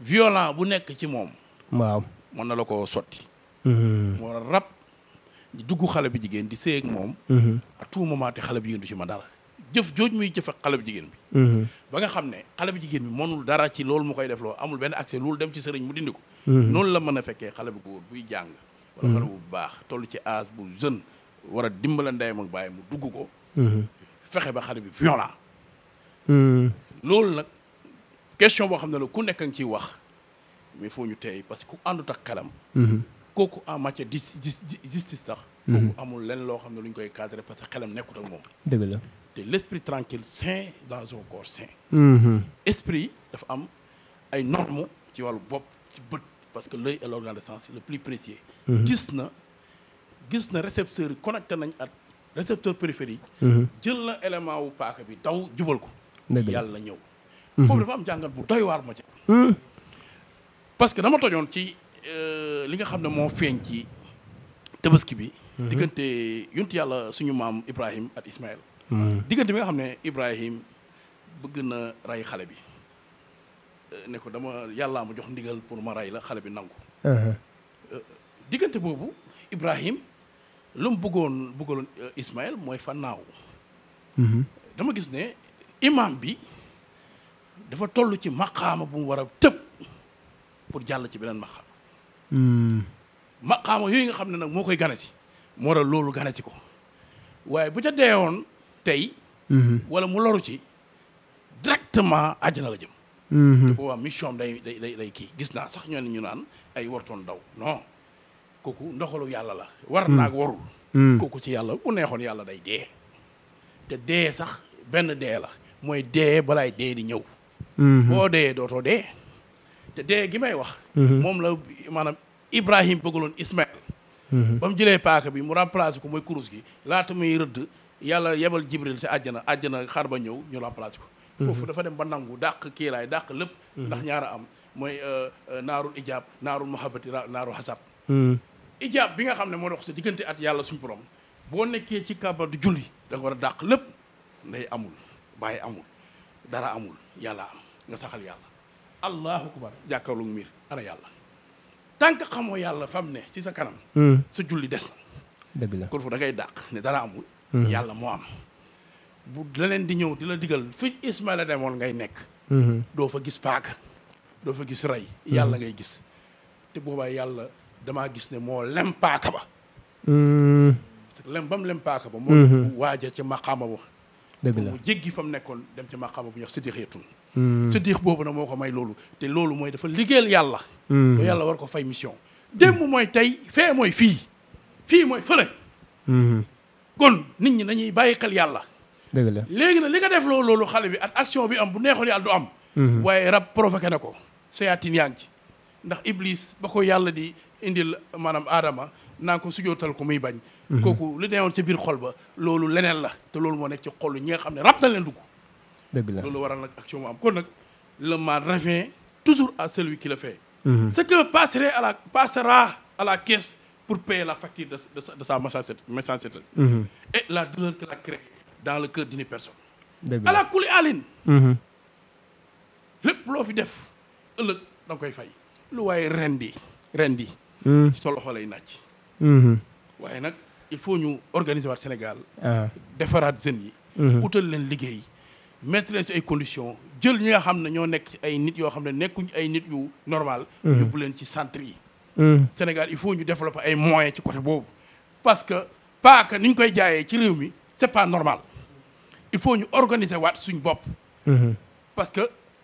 violent bu nekk ci moom. waaw na la ko sotti. moo rab dugg xale bi jigéen di seey moom. à tout moment te xale bi yëndu ci ma dara. jëf jooj muy jëf xale bi jigéen bi mm-hmm. ba nga xam ne xale bu jigéen bi mënul dara ci loolu mu koy def loo amul benn accès loolu dem ci sëriñ mu dindi ko mm-hmm. noonu la mën a fekkee xale bu góor buy jàng wala xale mm-hmm. bu baax tollu ci âge bu jeune wara dimbala ndeyam ak bàyyi mu dugg ko fexe ba xale bi violent loolu nag question boo xam ne la ku nekk nga ciy wax mais foo ñu tey parce que ku àndut ak xelam kooku en matière de justice sax kooku amul lenn loo xam ne luñ koy cadré parce que xelam nekkut ak moom dëgg la te l'esprit tranquille sain dans un corps sain mm-hmm. esprit dafa am ay normes ci wàllu bopp ci bët parce que l'œil est l'organe de sens le plus précieux mm-hmm. gis na gis na récepteurs yi connecté nañ ak récepteur périphérique mm-hmm. jël na élément wu paaka bi daw jubal ko yàlla ñëw foofu dafa am jàngat bu doy waar ma ci parce que dama tojoon ci euh, li nga xam ne moo feeñ ci tabaski bi diggante yunt yàlla suñu maam Ibrahim ak Ismaël diggante bi nga xam ne Ibrahim bëgg na rey xale bi euh, ne ko dama yàllaa mu jox ndigal pour ma ray la xale bi nangu uh-huh. euh, diggante boobu Ibrahim lu mu buggoon bëggaloon euh, Ismaël mooy fannaaw naaw mm-hmm. dama gis ne imam bi dafa toll ci maqaama bu mu war a tëb pour jàll ci beneen maqaama mm. maqaama yooyu nga xam ne nag moo koy gane si moo war a loolu gane si ko waaye bu ca deewoon tey. Mhm. wala mu loru ci directement àjjana la jëm. Mhm. te boobaa mission am day day day kii gis naa sax ñoo ne ñu naan ay wartoon daw non kooku ndoxalu yàlla la. war mm. naag warul. Mm. kooku ci yàlla bu neexoon yàlla day dee. te dee sax benn dee la mooy dee balaay dee di ñëw. Mhm. boo dee dootoo dee. te dee gi may wax. moom la maanaam Ibrahim bëggaloon Ismaël. ba mu jëlee paaka bi mu remplacé ko mooy kurus gi laata muy rëdd. yàlla yebal jibril ci àjjana àjjana xar ba ñëw ñu remplacé ko mhm. foofu dafa dem ba nangu dàq kiiraay dàq lépp mhm. ndax ñaara am mooy euh, euh, naarul ijaab naarul muhabbati naarul hasab mhm. ijaab bi nga xam ne moo dox sa diggante at yàlla suñu borom boo nekkee ci kàbbar du julli da war a dàq lépp ndey amul bàyyi amul dara amul yàlla am nga saxal yàlla allahu akbar jàkkaarlu miir ana yàlla tànk xamoo yàlla fam ne ci sa kanam sa julli des na dëgg kon fu da ngay dàq ne dara amul Mm-hmm. yàlla moo am bu leneen di ñëw di la digal fi Ismaïla demoon ngay nekk mm-hmm. doo fa gis paaka doo fa gis rey mm-hmm. yàlla ngay gis te boobaa yàlla damaa gis ne moo lem paaka ba parce que lem ba mu lem paaka ba ci maqaama ba dëgg la mu jéggi fa mu nekkoon dem ci maqaama bu ñuy wax siddiqeetun siddiq boobu nag moo ko may loolu te loolu mooy dafa liggéeyal yàlla ba yàlla war ko fay mission démb mooy tey fee mooy fii fii mooy fële kon nit ñi nañuy bàyyi xel yàlla. dëgg la léegi nag li nga def loolu xale bi ak action bi am bu neexoon yàlla du am. Mhm. waaye rab provoqué na ko. seyaatin yaa ngi ci ndax iblis ba ko yàlla di indil maanaam aadama naa ko sujootal ko muy bañ. Mhm. kooku li newoon ci biir xol ba loolu leneen la te loolu moo nekk ci xolu ñi nga xam ne rab na leen dugg. dëgg la loolu waral nag action mu am kon nag le mal revient toujours à celui qui le fait. Mhm. ce que passerait à la passera à la caisse. pour payer la facture de, de, de sa méchanceté. Mmh. Et la douleur qu'elle a créée dans le cœur d'une personne. à la kuli alin mm-hmm. lépp loo fi def ëllëg da koy fay. lu waaye ren di ren di mm. ci sa loxo lay naaj. Mm-hmm. waaye nag il faut ñu organiser waat Sénégal. Ah. defaraat jeunes yi. Mm-hmm. utal leen liggéey. mettre leen si ay conditions jël ñi nga xam ne ñoo nekk ci ay nit yoo xam ne nekkuñ ay nit yu normal. yóbbu leen ci centre yi. Mm. Sénégal il faut ñu développer ay moyens ci côté boobu parce que paaka que ni ñu koy jaayee ci réew mi c'est pas normal il faut ñu organiser waat suñ bopp mm-hmm. parce que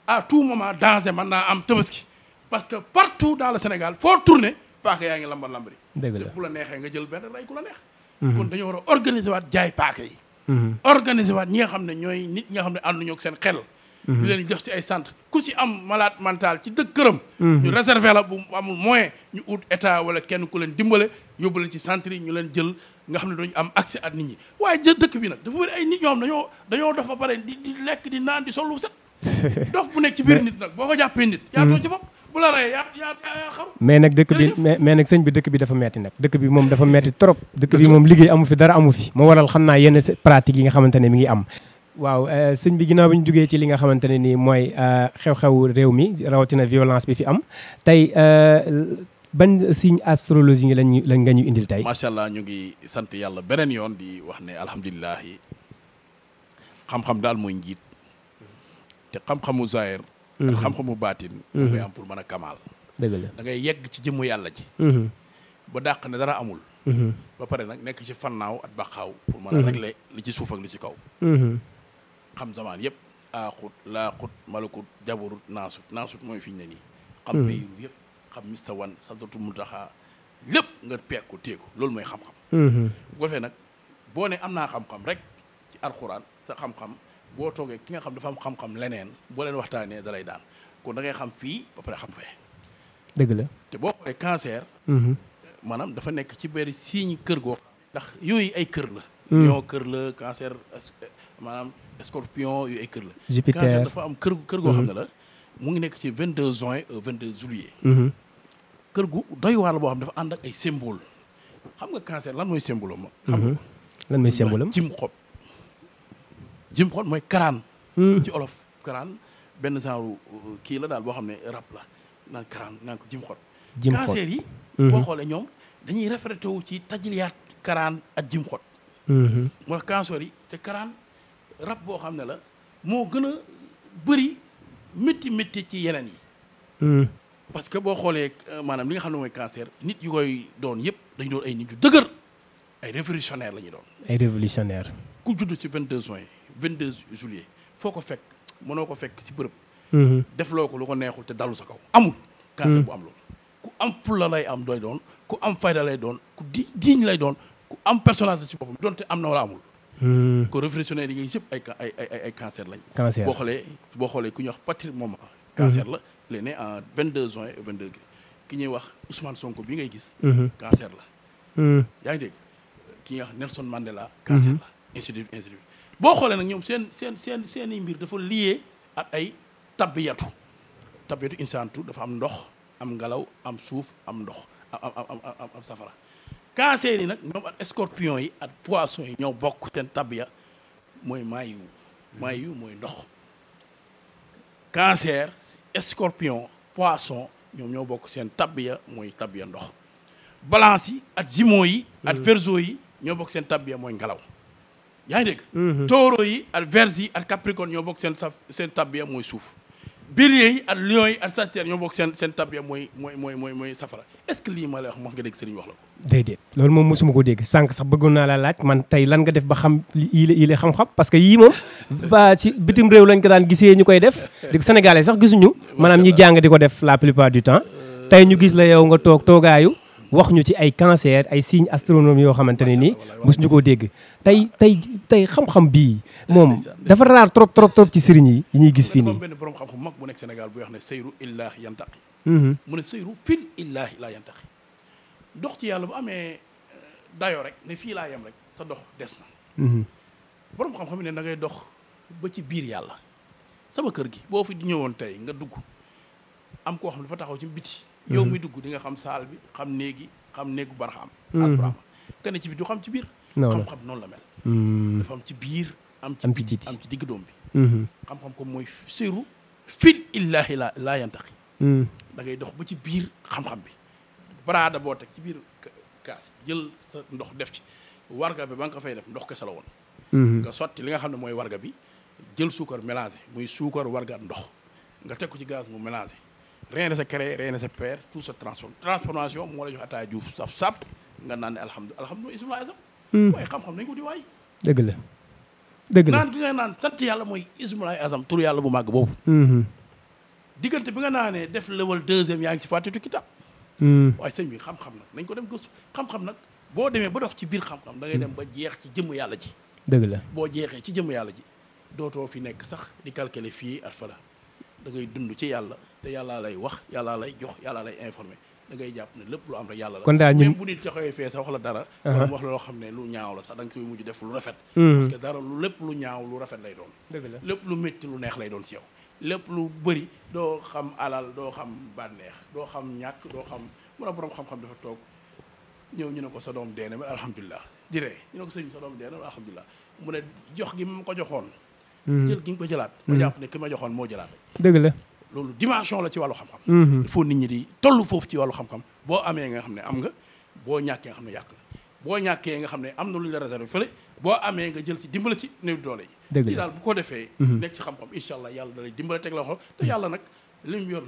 à tout moment danger mën naa am tabaski parce que partout dans le Sénégal foo tourner paaka yaa ngi lambar lambari dëgg la bu la neexee nga jël benn rey ku la neex mm-hmm. kon dañoo war a organiser waat jaay paaka yi mm-hmm. organiser waat ñi nga xam ne ñooy nit ñi nga xam ne ànduñu ak seen xel di leen jox ci ay centre ku ci am malade mental ci dëkk këram mhm. ñu réserver la bu amul moyen ñu ut état wala kenn ku leen dimbale yóbbu leen ci centre yi ñu leen jël nga xam ne dañu am accès at nit ñi waaye jë dëkk bi nag dafa bëri ay nit ñoom dañoo dañoo dafa pare di di lekk di naan di solu set dof bu nekk ci biir nit nag boo ko jàppee nit yaatoo ci bopp bu la rayee yaa yaa yaa xaru mais nag dëkk bi mais nag sëñ bi dëkk bi dafa metti nag dëkk bi moom dafa metti trop dëkk moom liggéey amu fi dara amu fi moo waral xam naa yenn pratique yi nga xamante ne ngi am waaw euh, sëñ bi ginnaaw bi ñu jugee ci li nga xamante ne nii mooy euh, xew-xewu réew mi rawatina violence bi fi am tey euh, ban siñ astrologie ngi lañu la nga ñu indil tey macha allah ñu ngi sant yàlla beneen yoon di wax ne alhamdulilah xam-xam daal mooy njiit te xam-xamu zaahir ak mhm. xam-xamu baatin muy mhm. am pour mën a kamaal dëgg da ngay yegg ci jëmmu yàlla ji mhm. ba dàq ne dara amul ba pare nag nekk ci fannaaw at baqaaw pour mën a régler li ci suuf ak li ci kaw xam a yëpp aaxut laaxut malakut jabarut naasut naasut mooy fi na ne nii hmm. xam payru yëpp xam mista wan sadratu muntaxaa lépp nga peeg ko téye ko loolu mooy xam-xam hmm. bu ko defee nag boo ne am naa xam-xam rek ci alxuraan sa xam-xam boo toogee ki nga xam dafa am xam-xam leneen boo leen waxtaanee dalay daan kon da ngay xam fii ba pare xam fee dëgg la te boo xoolee cancer hmm. maanaam dafa nekk ci benn signe kër goo ndax yooyu ay kër la ñoo kër la cancer maanaam scorpion yu ay kër la. Jupiter cancer dafa am kër kër goo xam ne mhm. la mu ngi nekk ci 22 juin au euh, 22 juillet. Mhm. kër gu doy waar la boo xam dafa ànd ak ay symbole xam nga cancer lan mooy symbole am. Mhm. lan mooy symbole am jim xob. jim mooy karaan. ci olof karaan benn genre euh, kii la daal boo xam ne rab la naan karaan naan ko jim xob. jim xob cancer yi. boo xoolee ñoom dañuy référé wu ci tajliyaat karaan ak jim xob. moo tax cancer yi te karaan. rab boo xam ne la moo gën a bëri métti métti ci yeneen yi. Hmm. parce que boo xoolee euh, maanaam li nga xam ne mooy cancer nit yu koy doon yëpp dañu doon ay nit yu dëgër ay révolutionnaire la ñu doon. ay révolutionnaire ku juddu ci vingt 22 juin deux juillet foo ko fekk mënoo ko fekk ci bërëb. Hmm. defloo ko lu ko neexul te dallu sa kaw amul. Hmm. cancer bu am loolu. ku am fulla lay am doy doon ku am fayda lay doon ku di diiñ lay doon ku am personnalité ci boppam donte am na wala amul. Hmm. ko réflexionnaire yi yëpp ay ay cancer lañ. cancer boo xoolee boo xoolee ku ñuy wax Patrick Mouma. cancer la hmm. il est né en 22 juin 22 ki ñuy wax Ousmane Sonko bi ngay gis. Hmm. cancer la. yaa ngi dégg ki ñuy wax Nelson Mandela. cancer la ainsi de suite ainsi de suite boo xoolee nag ñoom seen seen seen seen i mbir dafa lié ak ay tabiyatu tabiyatu insaantu dafa am ndox am ngelaw am suuf am ndox am am safara. cancer yi nag ñoom ak scorpion yi ak poisson yi ñoo bokk seen tabiya mooy maayu maayu mooy ndox cancer scorpion poisson ñoom ñoo bokk seen tabiya mooy tabiya ndox balance yi ak jumeaux yi ak mm. verseau yi ñoo bokk seen tabiya mooy ngelaw yaa ngi dégg mm-hmm. taureau yi ak vierge yi ak capricorne ñoo bokk seen saf seen tabiya mooy suuf bélier yi ak lion yi ak sagittaire ñoo bokk seen seen mooy mooy mooy mooy mooy safara est-ce que lii ma lay wax mos nga dégg sëriñ wax la loolu moom mosuma ko dégg sànq sax bëggoon naa laa laaj man tey lan nga def ba xam yii la xam-xam parce que yii moom ba ci bitim réew lañ ko daan gisee ñu koy def di Sénégalais sax gisuñu maanaam ñi jàng di ko def la plupart du temps tey ñu gis la yow nga toog toogaayu wax ñu ci ay cancer ay signes astronomie yoo xamante ne nii mos ñu koo dégg tey tey tey xam-xam bii moom dafa raar trop trop trop ci sëriñ yi yi ñuy gis fii nii benn borom xam-xam mag bu nekk Sénégal bu wax ne seyru illaahi yantaqi mhm. mu ne seyru fil illaahi laa yantaqi dox ci yàlla bu amee euh, dayoo rek ne fii laa yem rek sa dox des na mhm. borom xam-xam ne da dox ba ci biir yàlla sama kër gi boo fi ñëwoon tey nga dugg am koo xam ne dafa taxaw ci biti yow mhm. mi dugg di nga xam saal bi xam néegi xam néegu barxaam mhm. asbrahama kene ci bi du xam ci biir xam-xam noonu la mel mhm. dafa ci biir am ci biti am ci digg doom bi xam-xam ko mooy séru fil illaahi la laa yantaqi da ngay dox ba ci biir xam-xam bi baraada boo teg ci biir kaas jël sa ndox def ci warga bi ba nga ko fay def ndox kese la woon nga sotti li nga xam ne mooy warga bi jël suukar mélangé muy suukar warga ndox nga teg ko ci gaz mu mélangé rien ne se crée rien ne se perd tout se transforme transformation moo la jox ataaya juuf saf sap nga naan ne alhamdu alhamdulilah ismulaay sax hmm. waaye xam-xam nañ ko di waay dëgg la dëgg la naan gi naan sant yàlla mooy ismulaay azam tur yàlla bu màgg boobu hmm. diggante bi nga naanee def level deuxième yaa ngi si fàttitu kitab hmm. waaye sëñ bi xam-xam nag nañ ko dem gëstu xam-xam nag boo demee ba dox ci biir xam-xam da dem ba jeex ci jëmm yàlla ji dëgg la boo jeexee ci jëmm yàlla ji dootoo fi nekk sax di calculer fii at fala da ngay dund ci yàlla te yàllaa lay wax yàllaa lay jox yàlla lay informé da ngay jàpp ne lépp lu am rek yàlla la. kon daal ñun même bu nit joxee fee sax wax la dara. wax la loo xam ne lu ñaaw la sax da nga koy mujj def rafet. Hmm. parce lépp lu ñaaw lu rafet lay doon. dëgg la lépp lu métti lu neex lay doon ci yow. lépp lu bari doo xam alal doo xam bànneex doo xam ñàkk doo xam mu ne borom xam-xam dafa toog ñëw ñu ne ko sa doom dee na ma alhamdulilah diree ñu ne ko sëñ sa doom dee na ma mu ne jox gi ma ko joxoon. Hmm. jël gi nga ko jëlaat. ma hmm. jàpp ne ki ma joxoon moo jëlaat. loolu dimension la ci wàllu xam-xam mm-hmm. foo nit ñi di toll foofu ci wàllu xam-xam boo amee nga xam ne am nga boo ñàkkee nga xam ne yàq nga boo ñàkkee nga xam ne am na lu ñu la réservé fële boo amee nga jël ci dimbali ci néew doole yi daal bu ko defee mm-hmm. nekk ci xam-xam incha allah yàlla dalay dimbale teg la xol te yàlla nag li mu yor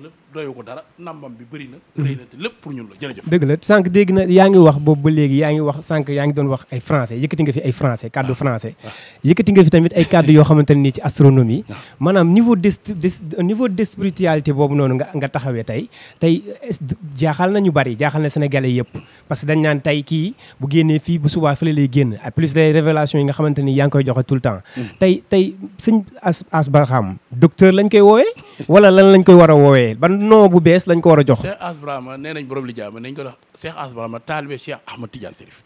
lépp mhm. dégg na yaa ngi wax boobu ba léegi yaa ngi wax sànq yaa ngi doon wax ay français yëkkati nga fi ay français kàddu ah, français ah. yëkkati nga fi tamit ay kàddu yoo xamante ne nii ci astronomie ah. maanaam niveau de niveau de boobu noonu nga nga taxawee tey tey jaaxal nañu bari jaaxal na sénégalais yëpp parce que dañ naan tey kii bu génnee fii bu subaa fële lay génn ak plus les révélations yi nga xamante ni yaa ngi koy joxe tout le temps mm. tey tey sëñ as as barxam docteur lañ koy woowee wala war a woowee ban nom bu bees lañ ko war a jox. Cheikh As Brahma nee nañ borom li jaam nañ ko doon Cheikh As Brahma taalibe Cheikh Ahmad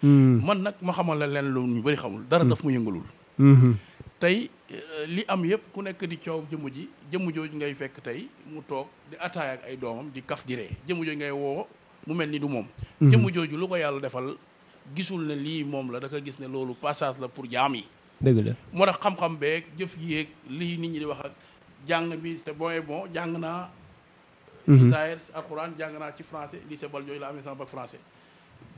hmm. man nag ma xamal la leen lu ñu bëri xamul. dara hmm. daf mu yëngalul. Hmm. tey eh, li am yëpp ku nekk di coow jëmm ji jëmm jooju ngay fekk tey mu toog di ataaya ak ay doomam di kaf di ree jëmm jooju ngay woo mu mel ni du moom. jëmm jooju lu ko yàlla defal gisul ne lii moom la da gis ne loolu passage la pour jaam yi. dëgg la moo tax xam-xam beeg jëf yeeg lii nit ñi di wax ak. jàng bi c'était bon et bon jàng naa mhm. zaahir alxuraan jàng naa ci français lycée Valdiodio la amee sama bac français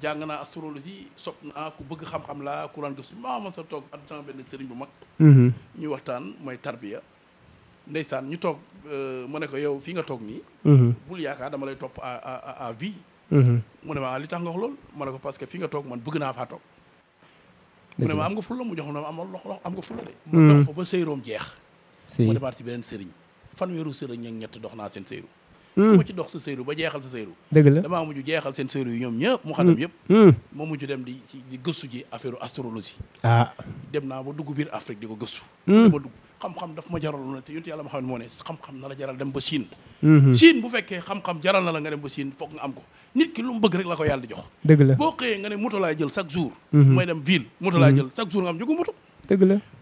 jàng naa astrologie sob naa ku bëgg xam-xam laa ku daan gëstu maa ma sa toog ak sama benn sëriñ bu mag mhm. ñu waxtaan mooy tarbiya ndeysaan ñu toog euh, mu ne ko yow fii nga toog nii mhm. bul yaakaar dama lay topp à à à vie mu ne ma ah, li tax nga wax loolu ma ne ko parce que fii nga toog ma bëgg naa faa toog mu ne ma am nga fulla mu jox ma am loxo am nga fulla de mu dox fa ba sëyroom jeex si ma demaat si beneen sëriñ fanweeru sëriñ ak ñett dox naa seen sëyru hmm. ku ci dox sa sëyru ba jeexal sa sëyru dëgg la damaa mujj jeexal seen sëyru yi ñoom ñëpp mu xanam hmm. yëpp hmm. ma di di gëstu ji affaire astrologie ah dem naa ba dugg biir Afrique di ko gëstu dama dugg xam-xam daf ma jaral na te yonent yàlla ma xam ne moo ne xam-xam na la jaral dem ba Chine Chine bu fekkee xam-xam jaral na la nga dem ba Chine foog nga am ko nit ki lu mu bëgg rek la ko yàlla di jox dëgg la boo xëyee nga ne moto laay jël chaque jour mooy dem ville moto laay jël chaque jour nga am jógu moto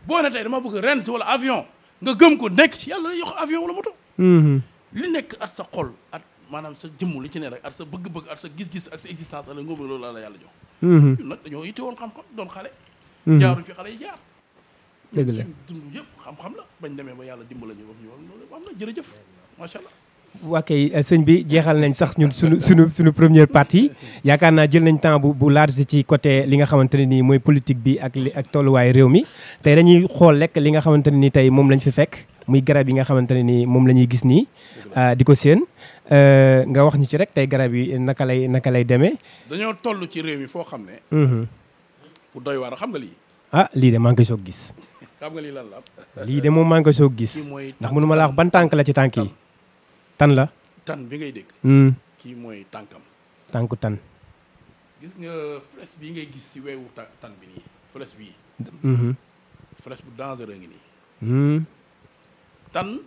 boo ne dama bëgg ren si wala avion nga gëm ko nekk ci yàlla lay jox avion wala moto. Mm-hmm. li nekk at sa xol at maanaam sa jëmm lu ci ne rek at sa bëgg-bëgg at sa gis-gis ak sa existence ala nga loolu la la yàlla jox. Mm-hmm. ñun nag dañoo yitte woon xam-xam doon xale. Mm-hmm. jaaruñ fi xale yi jaar. dëgg la yëpp xam-xam la bañ demee ba yàlla dimbala ñu wax ñu loolu am na jërëjëf macha allah. waa kay euh, sëñ bi jeexal nañ sax ñun suñu suñu suñu première partie yaakaar naa jël nañ temps bu bu large ci côté li nga xamante ne nii mooy politique bi ak li ak tolluwaay réew mi tey dañuy xool lekk li nga xamante ne nii tey moom lañ fi fekk muy garab yi nga xamante ne nii moom la ñuy gis nii euh, di ko séen euh, nga wax ñu ci rek tey garab yi naka lay naka lay demee. dañoo toll ci réew mi foo xam ne. bu mhm. doy waar xam nga lii. ah lii de maa ngi koy gis. xam nga lii lan la. lii de moom maa ngi koy soog gis. ndax mënu laa wax ban tànk la ci tànk yi. tan la tan bi ngay dégg hmm. kii mooy tànkam tànku tan gis nga flèche bii ngay gis ci wewu tan bi nii flèche bii mm-hmm. flèche bu dangereux ngi nii hmm. tan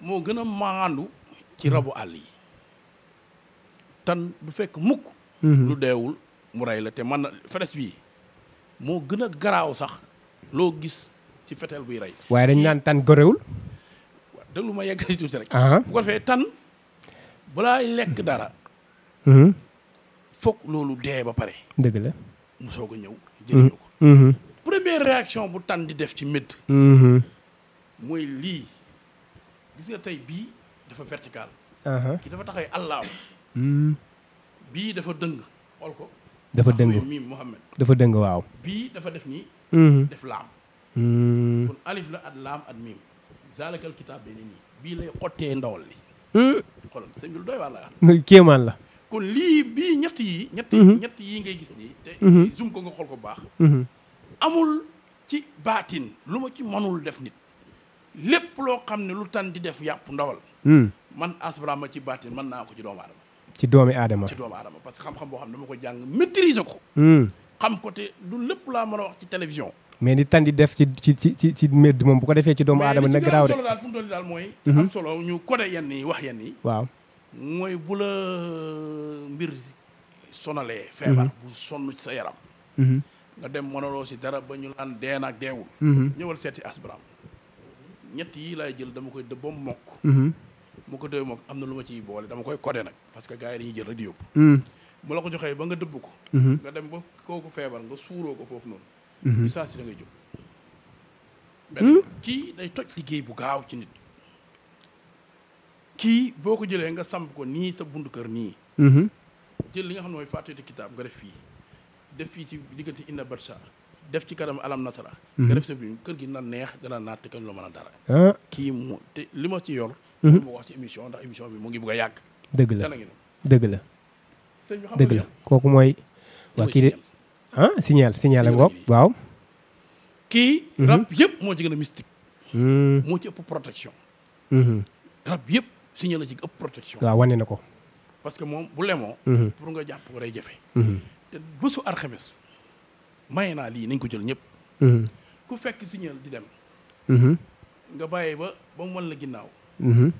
moo gën a maandu ci rabu àll yi tan du fekk mukk mm-hmm. lu deewul mu rey la te man na flèche bii moo gën a garaaw sax loo gis ci fetel bi rey waaye dañ naan tan gorewul lu ma yegg si tuuti rek. Ah. bu ko defee tan balaay lekk dara. Mm-hmm. foog loolu dee ba pare. dëgg la mu soog a ñëw jëriñu mm-hmm. Mm-hmm. première réaction bu tan di def ci médd mooy lii gis nga tey bii dafa vertical. Uh-huh. ki dafa taxay allaaw. bii dafa dëng xool ko. dafa dëng miim Mouhamed dafa dëng waaw. bii dafa def nii. def laam. kon alif la at laam at miim. zaalakal kitaab bi nii bii lay xottee ndawal li hmm? xoolal sëñ bi la kon lii bii ñett yi ñett hmm. ñett yi ngay gis nii te hmm. zoom ko nga xool ko baax amul ci baatin lu ma ci mënul def nit lépp loo xam ne lu tan di def yàpp ndawal man asbra ma ci baatin mën naa ko ci doomu aadama ci doomi aadama ci doomu aadama parce que xam-xam boo xam ne dama ko jàng maîtriser ko xam ko te du lépp laa mën a wax ci télévision mais ni tan di def ci ci ci ci ci mbedd moom bu ko defee ci doomu aadama nag garaaw de mais li ci daal fu mu toll daal mooy. Mhm. am solo ñu codé yenn yi wax yenn yi. waaw mooy bu la euh, mbir sonalee. feebar mhm. bu sonn ci sa yaram. Mhm. nga dem mënaloo si dara ba ñu an dee ak deewul. ñëwal seeti asbram ñett yii laay jël dama koy dëbbam mokk. mu ko dee mokk am na lu ma ciy boole dama koy codé nag parce que gars yi dañuy jël rek di yóbbu. mu la ko joxee ba nga dëbb ko. nga dem ba kooku feebar nga suuroo ko foofu noonu. Mm-hmm. saa si da ngay jóg. Hmm? kii day toj liggéey bu gaaw ci nit. kii boo ko jëlee nga samp ko nii sa buntu kër nii. Mm-hmm. jël li nga xam ne mooy fàttali kitaab nga def fii def fii ci diggante Inna Barsa def ci kanam alam nasara. Mm-hmm. nga def sa biir kër gi na neex dana naat te kañ la mën a dara. Ah. kii mu te li ma ci yor. mu wax ci émission ndax émission bi mu ngi bëgg yàgg. dëgg la dëgg la. dëgg kooku mooy. waa kii de ah signal signal ngoog waaw. kii. Mhm. rab yëpp moo ci gën a hmm. moo ci ëpp protection. Mhm. rab yëpp signal la ci ëpp protection. waaw wane na ko. parce que moom bu lemoo. Mhm. pour nga jàpp ko day jafe. te bésu alxames maye naa lii nañ ko jël ñëpp. ku fekk signal di dem. nga bàyyee ba ba mu wan la ginnaaw. nga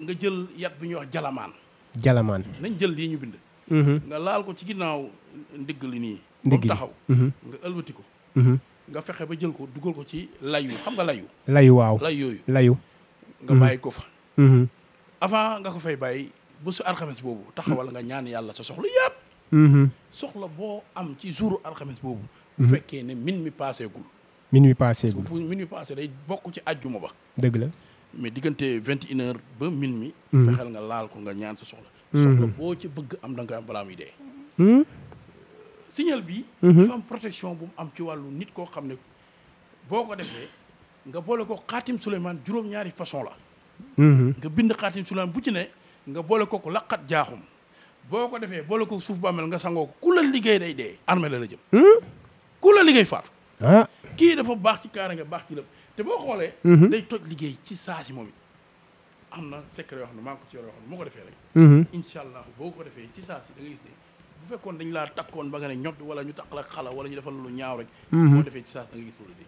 nga jël yat bi ñuy wax jalamaan. jalamaan nañ jël lii ñu bind. nga laal ko ci ginnaaw. ndigg li nii moom taxaw mhm. nga ëlbati ko mhm. nga fexe ba jël ko dugal ko ci layu xam nga layu layu waaw lay yooyu layu nga mhm. bàyyi ko fa avant nga ko fay bàyyi bu su alxames boobu taxawal nga ñaan yàlla sa soxla yëpp soxla boo am ci jouru alxames boobu bu fekkee ne min mi paaseegul min mi paaseegul min mi paase day bokk ci àjjuma ba dëgg la mais diggante vingt et une ba min mi fexeel nga laal ko nga ñaan sa soxla soxla boo ci bëgg am da nga am dee signal bi mhm. dafa am protection bu mu am ci wàllu nit koo xam ne boo ko defee nga boole ko xaatim Souleymane juróom-ñaari façon la mhm. nga bind xaatim Souleymane bu ci ne nga boole ko ko laqat jaaxum boo ko defee boole ko suuf bàmmeel nga sangoo ko la liggéey day dee armée la la hmm? ku la liggéey faatu ah kii dafa baax ci kaaraange baax ci lépp te boo xoolee mhm. day toj liggéey ci saa si moom it am na secret yoo xam ko ci yor yoo xam defee rek incha allah boo ko defee ci saa si da nga gis bu fekkoon dañ laa takkoon ba nga ne ñot wala ñu takk la xala wala ñu defal lu ñaaw rek. Mhm. boo defee ci saa da nga gis loolu de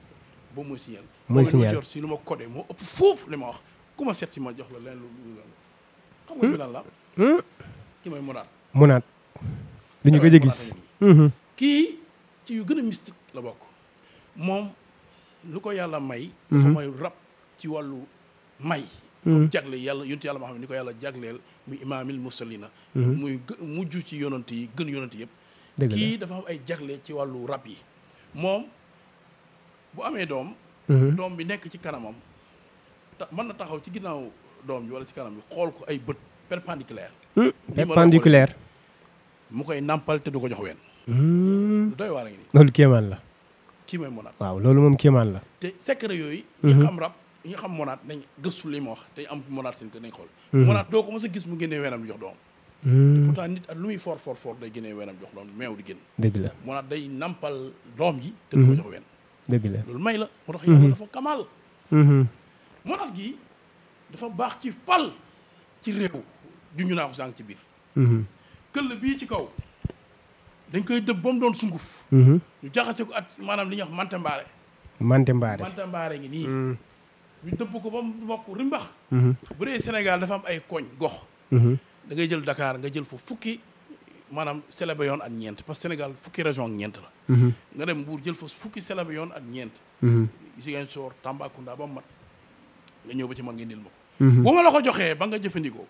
boobu mooy signal. mooy si lu ma codé moo ëpp foofu li ma wax ku ma seet si ma jox la leneen lu xam nga hmm? la. Hmm? ki mooy munaat. munaat lu ñu gëj a hmm. kii ci yu gën a mystique la bokk moom lu ko yàlla may. dafa may rab ci wàllu may. comme mm-hmm. jagle yàlla yonent yàlla moo xam ni ko yàlla jagleel muy imaamil mursalina mm-hmm. muy mujj ci yonant yi gën yonant yëpp kii dafa am ay jagle ci wàllu rab yi moom bu amee doom mm-hmm. doom bi nekk ci kanamam mën na taxaw ci ginnaaw doom bi wala ci kanam bi xool ko ay bët perpendiculaire perpendiculaire mu koy nàmpal te du ko jox wen lu doy waar a ngi nii loolu kéemaan la kii mooy monat waaw loolu moom kéemaan la te secret yooyu ñi xam rab ñu xam monaat nañ gëstu li ma wax tey am monaat seen kër nañ xool. Hmm. monaat doo ko mos a gis mu génnee weenam di jox doom. Hmm. te pourtant nit at lu muy fort fort fort day génnee weenam jox doom meew di génn. dëgg la monaat day nampal doom ji. te du hmm. ko jox ween. loolu may la. moo tax yàlla dafa kamal. monaat gi dafa baax ci fal ci réew juñu naa ko sànq ci biir. këll bii ci kaw dañ koy dëb ba mu doon sunguf. ñu jaxase ko at maanaam li ñuy wax mante mbaare. mante mbaare ñu dëpp ko ba mu mokk rimbax mhm. bu dee Sénégal dafa am ay koñ gox mhm. da ngay jël Dakar nga jël fa fukki maanaam selebe yoon ak ñeent parce que Sénégal fukki région ak ñeent la mhm. nga dem Mbuur jël fa fukki selebe yoon ak ñeent Ziguinchor Tambacounda ba mu mat nga ñëw ba ci man nga ndil ma ko bu ma la ko joxee ba nga jëfandikoo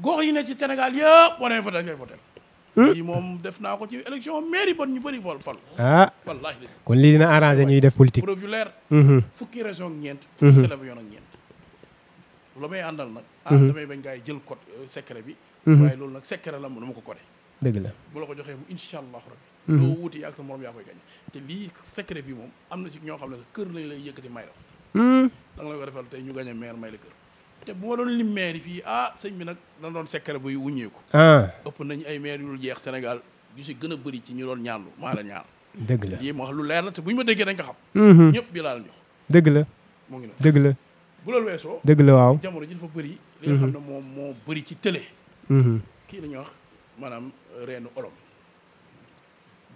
gox yi ne ci Sénégal yëpp wanee fa dañ lay lii moom def naa ko ci élection mairie bon ñu bëri vol fal ah kon lii dina arrangé ñuy def politique preuve yu mhm. fukki région ak ñeent mhm. fukki selève yoon ak ñeent la may àndal nag ah mhm. damay bañ gaa yi jël code euh, secret bi waaye loolu nag secret la mënu ma ko codé dëgg la bu la ko joxee mu incha allahu rabbi loo wuti ak sa morom yaa koy gañ te lii secret bi moom am na ci ñoo xam ne kër lañ lay yëkkati may la da nga la ko defal tey ñu gañ a may la kër te bu ma doon lim maire yi fii ah sëñ bi nag dana doon sekkare buy wuññeeku. Ah. ëpp nañ ay maire yu jeex senegal yu si gën a bëri ci ñu doon ñaanlu maa la ñaan. dëgg la lii ma lu leer na te bu ñu ma déggee dañ ko xam. Mm-hmm. ñëpp bi laa la jox. dëgg la mu ngi dëgg la. bu loolu weesoo. dëgg la waaw jamono ji dafa bëri. Mm-hmm. li nga xam ne moom moo bëri ci télé. Mm-hmm. kii la ñuy wax maanaam euh, reenu olom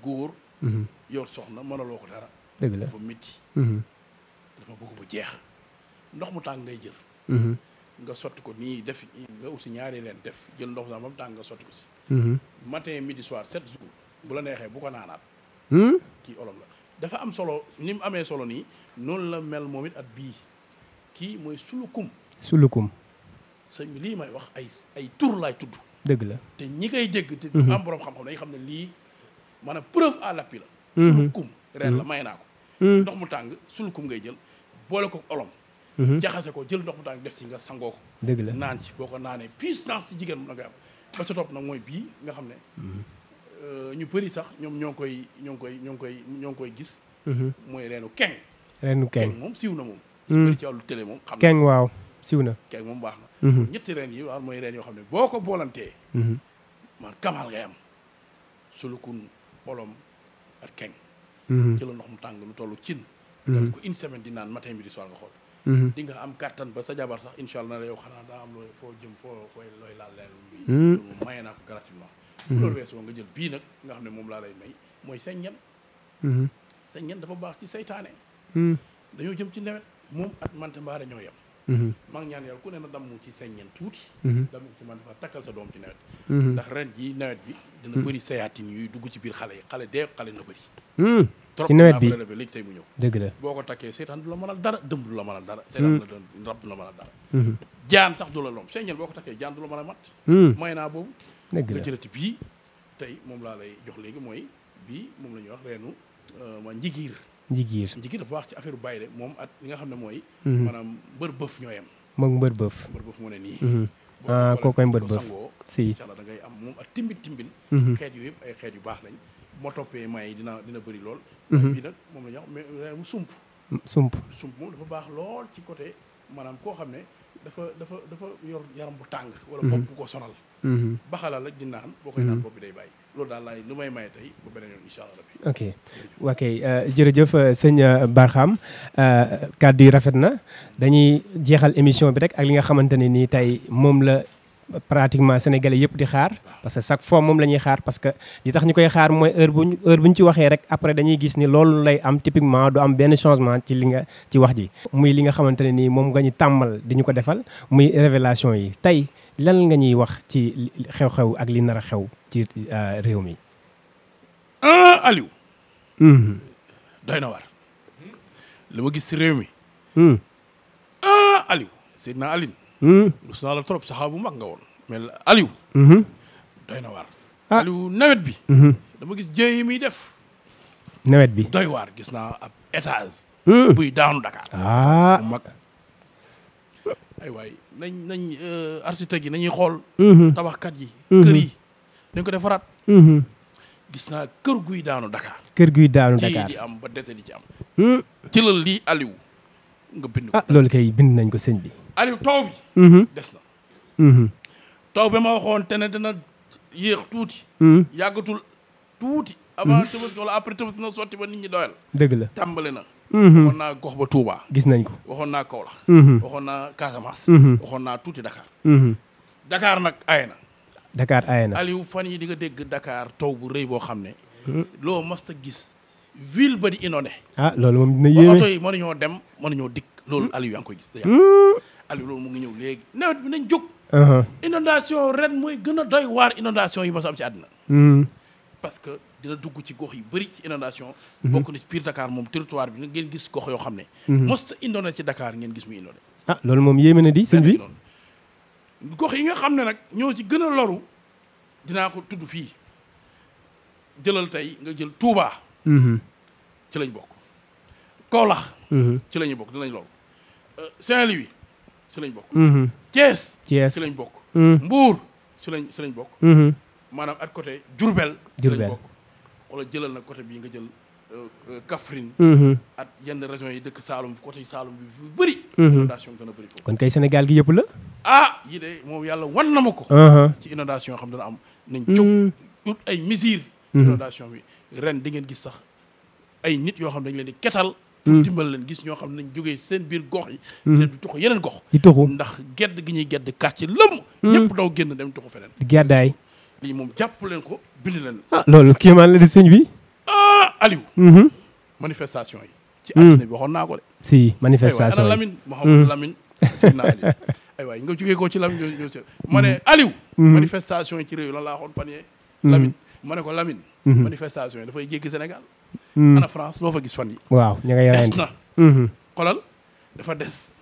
góor. yor soxna mënaloo ko dara. dëgg la dafa métti. dafa bëgg mu jeex ndox mu tàng ngay jël. nga sotti ko nii def nga si ñaari leen def jël ndox sax ba mu tàng nga sotti ko si. Mhm. matin midi soir sept jours bu la neexee bu ko naanaat. Hmm? kii olom la dafa am solo ni mu amee solo nii noonu la mel moom it at bii kii mooy sulukum. sulukum. sëñ bi lii may wax ay ay tur laay tudd. dëgg la te ñi koy dégg. te mhm. am borom xam-xam dañuy xam ne lii maanaam preuve à l'appui la. Mhm. sulukum ren la may naa ko. ndox mu tàng sulukum ngay jël boole ko olom. Mhm. jaxase ko jël ndox mu tàng def ci nga sangoo ko dëgg la naan ci boo ko naanee puissance ci jigéen mun na nga am ba sa topp nag mooy bii nga xam ne mhm. euh, ñu bëri sax ñoom ñoo koy ñoo ngi koy ñoo ngi koy ñoo ngi koy gis mhm. mooy reenu keng reenu keng moom siw na moom bëri ci wàllu télé moom xam keng waaw siw na keng moom baax na ñetti reen yi waaw mooy reen yoo xam ne boo ko boolantee man kamaal ngay am sulukun xolom ak keng jëlal ndox mu tàng lu tollu cin def ko une semaine di naan matin midi soir nga xool Mhm. di nga am kattan ba sa jabar sax incha allah yow xanaa daa am looy foo jëm foo fooy looy laal leen. mu mhm. maye naa ko gratuitement. loolu mhm. weesoo nga jël bii nag nga xam ne moom laa lay may mooy sa ñan. sa dafa baax ci seytaane dañoo jëm ci nawet moom ak mante mbaare ñoo yam maa ngi ñaan yàlla ku ne na damm ci sa ñan tuuti. damm ci mante mbaare takkal sa doom ci nawet. ndax ren jii nawet bi. dina bëri sayaatin yuy dugg ci biir xale yi xale dee xale na bëri. Hmm. ci nawet bi léegi tey mu ñëw dëgg la boo ko takkee seetaan du la mënal dara dëmb du la mënal dara hmm. seetaan la doon rab du la mënal dara hmm. jaan sax du la lom seññeel boo ko takkee jaan du la mën a may naa boobu dëgg la nga jëlati bii tey moom laa lay jox léegi mooy bii moom la ñuy wax reenu euh, ma njigiir njigiir njigiir dafa wax ci affaire bayre moom at li nga xam ne mooy maanaam mbër bëf ñoo yem moom mbër bëf mbër bëf mu ne nii ah kookoy mbër bëf si da ngay am moom ak timbit timbin xeet yu yëpp ay xeet yu baax lañ moo toppee may dina dina bëri lool. Mhm. bii nag moom la ñu wax mais euh, mu sump. sump sump moom dafa baax lool ci côté maanaam koo xam ne dafa dafa dafa yor yaram bu tàng. wala mhm. bopp ko sonal. Mhm. baxala la di naan boo koy naan bopp day bàyyi. loolu daal laay lu may maye tey ba beneen yoon incha allah. ok ok euh, jërëjëf euh, sëñ Barham kàddu yi rafet na dañuy jeexal émission bi rek ak li nga xamante ne nii tey moom la. pratiquement sénégalais yëpp di xaar parce que chaque fois moom lañuy xaar parce que li tax ñu koy xaar mooy heure buñ heure bu ñu ci waxee rek après dañuy gis ni loolu lay am typiquement du am benn changement ci li nga ci wax ji muy li nga xamante ne nii moom nga ñu tàmmal di ñu ko defal muy révélation yi tey lan nga ñuy wax ci xew-xew ak li nar a xew ci euh, réew mi ah hmm. doy na war li ma gis si réew mi hmm. ah, Hmm. rus naa la trop saxaa bu mag nga woon mais Aliou hmm. doy na waar ah. Aliou nawet bi hmm. dama gis jéey yi muy def nawet bi doy waar gis naa ab étage buy daanu Dakar ah mag ay waay nañ nañ euh, architecte yi nañuy xool tabaxkat yi kër yi dañ ko defaraat gis naa kër guy daanu Dakar kër guy daanu Dakar di am ba dese di ci am ci lii Aliou nga bind ko. ah loolu kay bind ko sëñ bi. Aliou taw bi. Mm-hmm. des na. Mm-hmm. taw bi ma waxoon te ne dana yéex tuuti. Mm-hmm. yàggatul tuuti. avant Tabaski wala après Tabaski na sotti ba nit ñi doyal. dëgg la tàmbali na. waxoon naa gox ba Touba. gis nañ ko waxoon naa Kaolack. waxoon naa Casamance. waxoon naa tuuti Dakar. Dakar nag aay na. Dakar aay na Aliou fan yi di nga dégg Dakar taw bu rëy boo xam ne. loo mës a gis. ville ba di inondé. ah loolu moom dina yéeme oto yi mënuñoo dem dikk loolu Aliou yaa ngi koy gis. Hmm. mu ngi ñëw léegi nawet bi nañ jóg. Uh-huh. inondation ren mooy gën a doy waar inondation yi ma ci àddina. Hmm. parce que dina dugg ci gox yu bëri ci inondation hmm. bokk na ci biir Dakar moom territoire bi ngeen gis gox yoo xam ne. mos a inondé ci Dakar ngeen gis muy inondé. Ah, loolu moom yéeme na di sëñ bi gox yi nga xam ne nag ñoo ci gën a loru dinaa ko tudd fii jëlal tey nga jël tuubaa Mm-hmm. ci lañ bokk Kaolack mm-hmm. ci lañu bokk dinañ loolu euh, Saint-Louis ci lañ bokk mm-hmm. Thiès ci lañ bokk ci lañ ci bokk maanaam at côté Diourbel ci lañ bokk wala jëlal nag côté bii nga jël euh, euh, Kaffrine ak yenn régions yi dëkk Saalum côté Saalum bi bu bëri inondation dana kon kay Sénégal gi yëpp la ah yii de moom yàlla wan na ma ko uh-huh. ci inondation yoo xam dana am nañ jóg ay mesures Mm-hmm. inondation bi ren di ngeen gis sax ay nit yoo xam dañ leen di ketal pour mm-hmm. dimbal leen gis ñoo xam ne nañ jógee seen biir gox yi leen mm-hmm. di tuxu yeneen gox di tuxu ndax gedd gi ñuy gedd quartier lëmm ñëpp daw génn dem tuxu feneen di geddaay lii moom jàpp leen ko bind leen ah la di sëñ bi ah Aliou manifestation yi ci àddina bi si manifestation yi Lamine Mouhamadou Lamine waay nga jógee ko ci Lamine ñoo ñoo ma yi ci réew lan laa waxoon fan yee Lamine ma ne ko Lamine. Mhm. manifestation yi dafay jéggi Sénégal. Mhm. ana France loo fa gis fan yi waaw ña nga yaay des na. Mhm. xolal dafa des.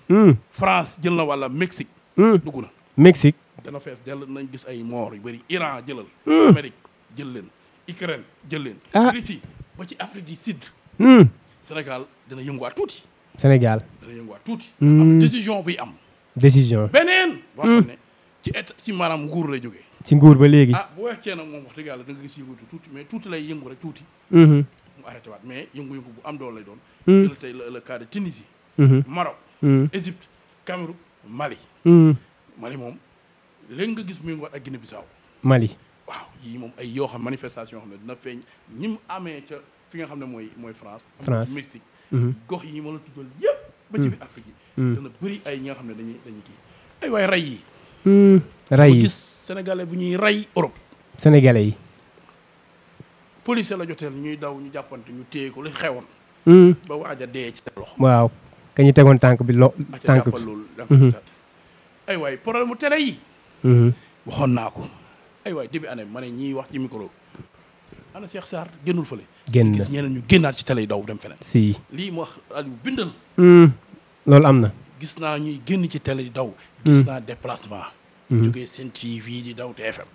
France jël na walla Mexique. dugg na Mexique. dana fees dell nañ gis ay moor yu bëri Iran jëlal. Amérique jël leen. Ukraine jël leen. ah ba ci Afrique di Sud. Sénégal dana yënguwaat tuuti. Sénégal dana yënguwaat tuuti. am décision buy am. beneen. boo ne ci état ci maanaam nguur lay jóge ci nguur ba léegi. ah bu weexee nag moom wax dëgg yàlla da nga gis yëngatu tuuti mais tuuti lay yëngu rek tuuti. Mm-hmm. mu arrêté waat mais yëngu-yëngu bu am doole lay doon. Mm-hmm. la tey le cas de Tunisie. Mm-hmm. Maroc. Égypte Cameroun Mali. Mali moom léegi nga gis muy wax ak Guinée Bissau. Mali waaw yii moom ay yoo xam manifestation yoo xam ne dina feeñ ñi mu amee ca fi nga xam ne mooy mooy France. France Mexique. gox yi ma la tuddal yëpp. ba ci biir Afrique yi. dana bëri ay ñi nga xam ne dañu dañuy kii ay waay rey yi. Hmm. ray yi gis bu ñuy ray Europe. sénégalais yi. police la joteel ñuy daw ñu jàppante ñu téye ko li xewoon. Hmm. ba waaj a dee ci loxo. waaw ka tegoon tànk bi lo tànk bi loolu. Hmm. ay waay problème mu télé yi. waxoon naa ko. ay waay début année ma ne ñiy wax ci micro. ana Cheikh Sarr génnul fële. génn ñeneen ñu génnaat ci télé yi daw dem feneen. si lii mu wax Aliou bindal. loolu am na. gis naa ñuy génn ci télé di daw. Mm. gis naa déplacement. Mm. jógee seen TV di daw TFM.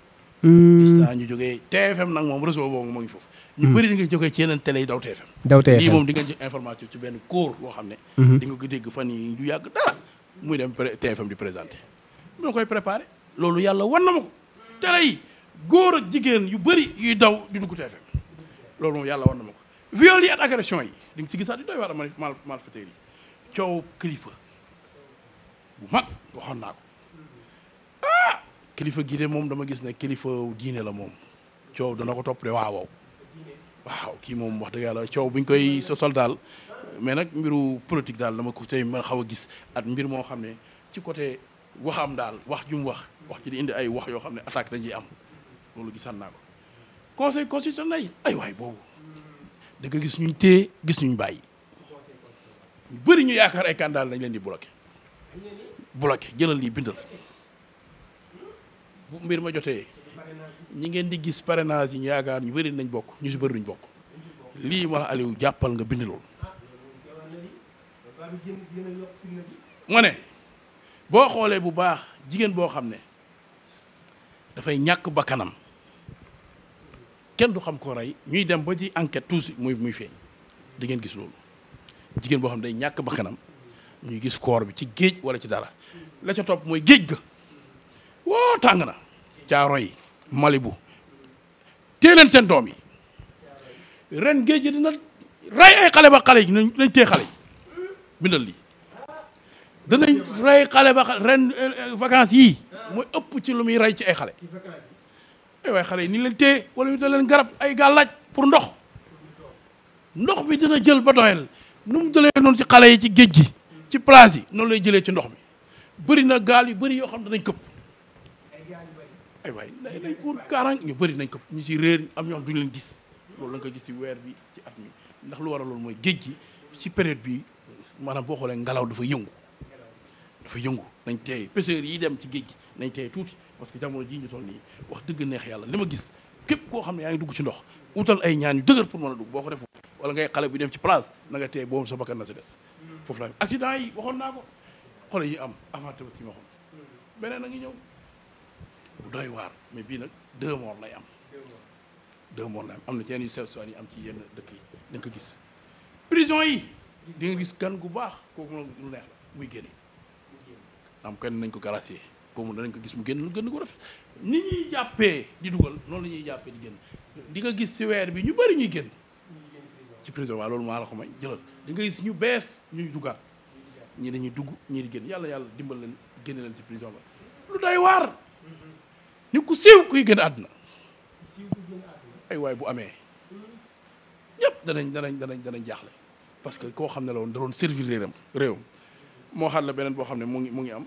Mm. gis naa ñu jógee TFM nag moom réseau boobu moo ngi foofu. ñu bëri di nga jógee ci yeneen télé yi daw TFM. daw TFM lii moom di nga jël information ci benn kóor boo xam ne. Mm-hmm. di nga ko dégg fa yii du yàgg dara muy dem TFM di présenté. ñoo koy préparé loolu yàlla wan na ma ko télé yi góor ak jigéen yu bëri yuy daw di dugg TFM loolu moom yàlla wan na ma ko. viol yi ak yi di nga si gisaat di doy waar mal malfaiteurs yi kilifa. bu mag waxoon naa ko ah, kilifa gii de moom dama gis ne kilifa diine la moom coow dana ko topp de waaw waaw kii moom wax dëgg yàlla bi buñ koy sosol daal mais nag mbiru politique daal dama ko tey man xaw a gis at mbir moo xam ne ci côté waxam daal wax jum wax wax ci di indi ay wax yoo xam ne attaque dañuy am loolu gisaan naa ko conseil constitutionnel ay ay waay boobu da gis ñuñ téye gis ñuñ bàyyi ñu bëri ñu yaakaar ay candidat dañ leen di bloqué bloqué jëlal lii bindal bu mbir ma jotee ñi ngeen di gis parrainage yi ñu yaakaar ñu bari nañ bokk ñu si bari duñ bokk lii ma la Aliou jàppal nga bind loolu ma ne boo xoolee bu baax jigéen boo xam ne dafay ñàkk bakkanam kenn du xam ko rey ñuy dem ba ci enquête toujours muy muy feeñ di ngeen gis loolu jigéen boo xam ne day ñàkk bakkanam ñuy gis koor bi ci géej wala ci dara la ca topp mooy géej ga woo tàng na caaro yi malibu tée leen seen doom yi ren géej gi dina rey ay xale ba xale yi nañ tee xale yi bindal lii danañ xale ba ren euh, euh, vacances yii mooy ëpp ci lu muy rey ci ay xale eh ay xale yi ni leen tee wala ñu da leen garab ay gàllaaj pour ndox ndox mi dina jël ba doyal nu mu dalee noonu ci xale yi ci géej gi ci place yi noonu lay jëlee ci ndox mi bari na gaal yu bëri yoo xam ne danañ këpp ay waay nay nañ uur ñu bëri nañ këpp ñu ci réer am ñoo xam duñu leen gis loolu la nga gis ci weer bi ci at mi ndax lu war a loolu mooy géej gi ci période bi maanaam boo xoolee ngelaw dafa yëngu dafa yëngu nañ teey pêcheurs yi dem ci géej gi nañ teey tuuti parce que jamono ji ñu toll nii wax dëgg neex yàlla li ma gis képp koo xam ne yaa ngi dugg ci ndox utal ay ñaan yu dëgër pour mën ko def wala ngay xale bu dem ci place na nga tey boobu sa bakkan na si des foofu laa accident yi waxoon naa ko xole yi am avant tabaski ma waxoon beneen a ngi ñëw bu doy waar mais bii nag deux morts lay am deux morts lay am na ci yu sew sewaan yi am ci yenn dëkk yi da ko gis prison yi di nga gis gan gu baax kooku la muy génn am kenn nañ ko gracier kooku danañ ko gis mu génn lu gën ko rafet ni ñuy jàppee di dugal noonu la ñuy jàppee di génn di nga gis si weer bi ñu bëri ñuy génn ci prison loolu maa la ko may jëlal da ngay gis ñu bees ñuy duggaat ñii dañuy dugg ñii di génn yàlla yàlla dimbal leen génne leen ci prison ba lu doy waar ni ku siiw kuy gën àdduna ay waay bu amee ñëpp danañ danañ danañ danañ jaaxle parce que koo xam ne la woon da doon servir réeram réew moo xam la beneen boo xam ne mu ngi mu ngi am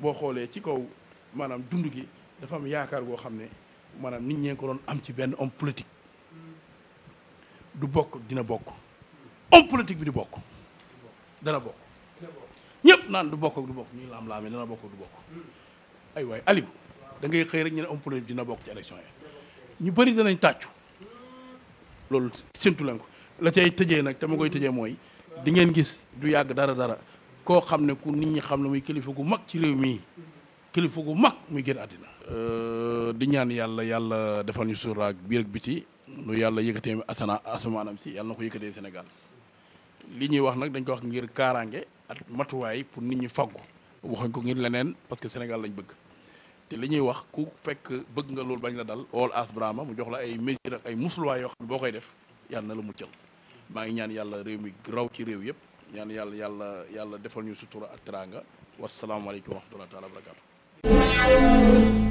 boo xoolee ci kaw maanaam dund gi dafa am yaakaar goo xam ne maanaam nit ñeen ko doon am ci benn homme politique du bokk dina bokk homme bi du bokk dana bokk ñëpp naan du bokk du bokk ñuy laam-laamee dana bokk du bokk ay waay Aliou dangay xëy rek ñu ne homme dina bokk ci élection yi ñu bëri danañ tàccu loolu séntu leen ko la cay tëjee nag te ma koy tëjee mooy di ngeen gis du yàgg dara dara koo xam ne ku nit ñi xam ne muy kilifa gu mag ci réew mii kilifa gu mag muy gën àddina euh, di ñaan yàlla yàlla defal ñu suuraak biir ak biti nu yàlla yëkkatee asana asamaanam si yàlla na ko yëkkatee Sénégal li ñuy wax nag dañ ko wax ngir kaaraange ak matuwaay pour nit ñi faggu waxuñ ko ngir leneen parce que Sénégal lañ bëgg te li ñuy wax ku fekk bëgg nga loolu bañ la dal ool as brama mu jox la ay mesure ak ay musluwaay yoo xam boo koy def yàlla na la muccal maa ngi ñaan yàlla réew mi raw ci réew yëpp ñaan yàlla yàlla yàlla defal ñu sutura ak teraanga wasalaamaaleykum wax rahmatulah taala wa barakatu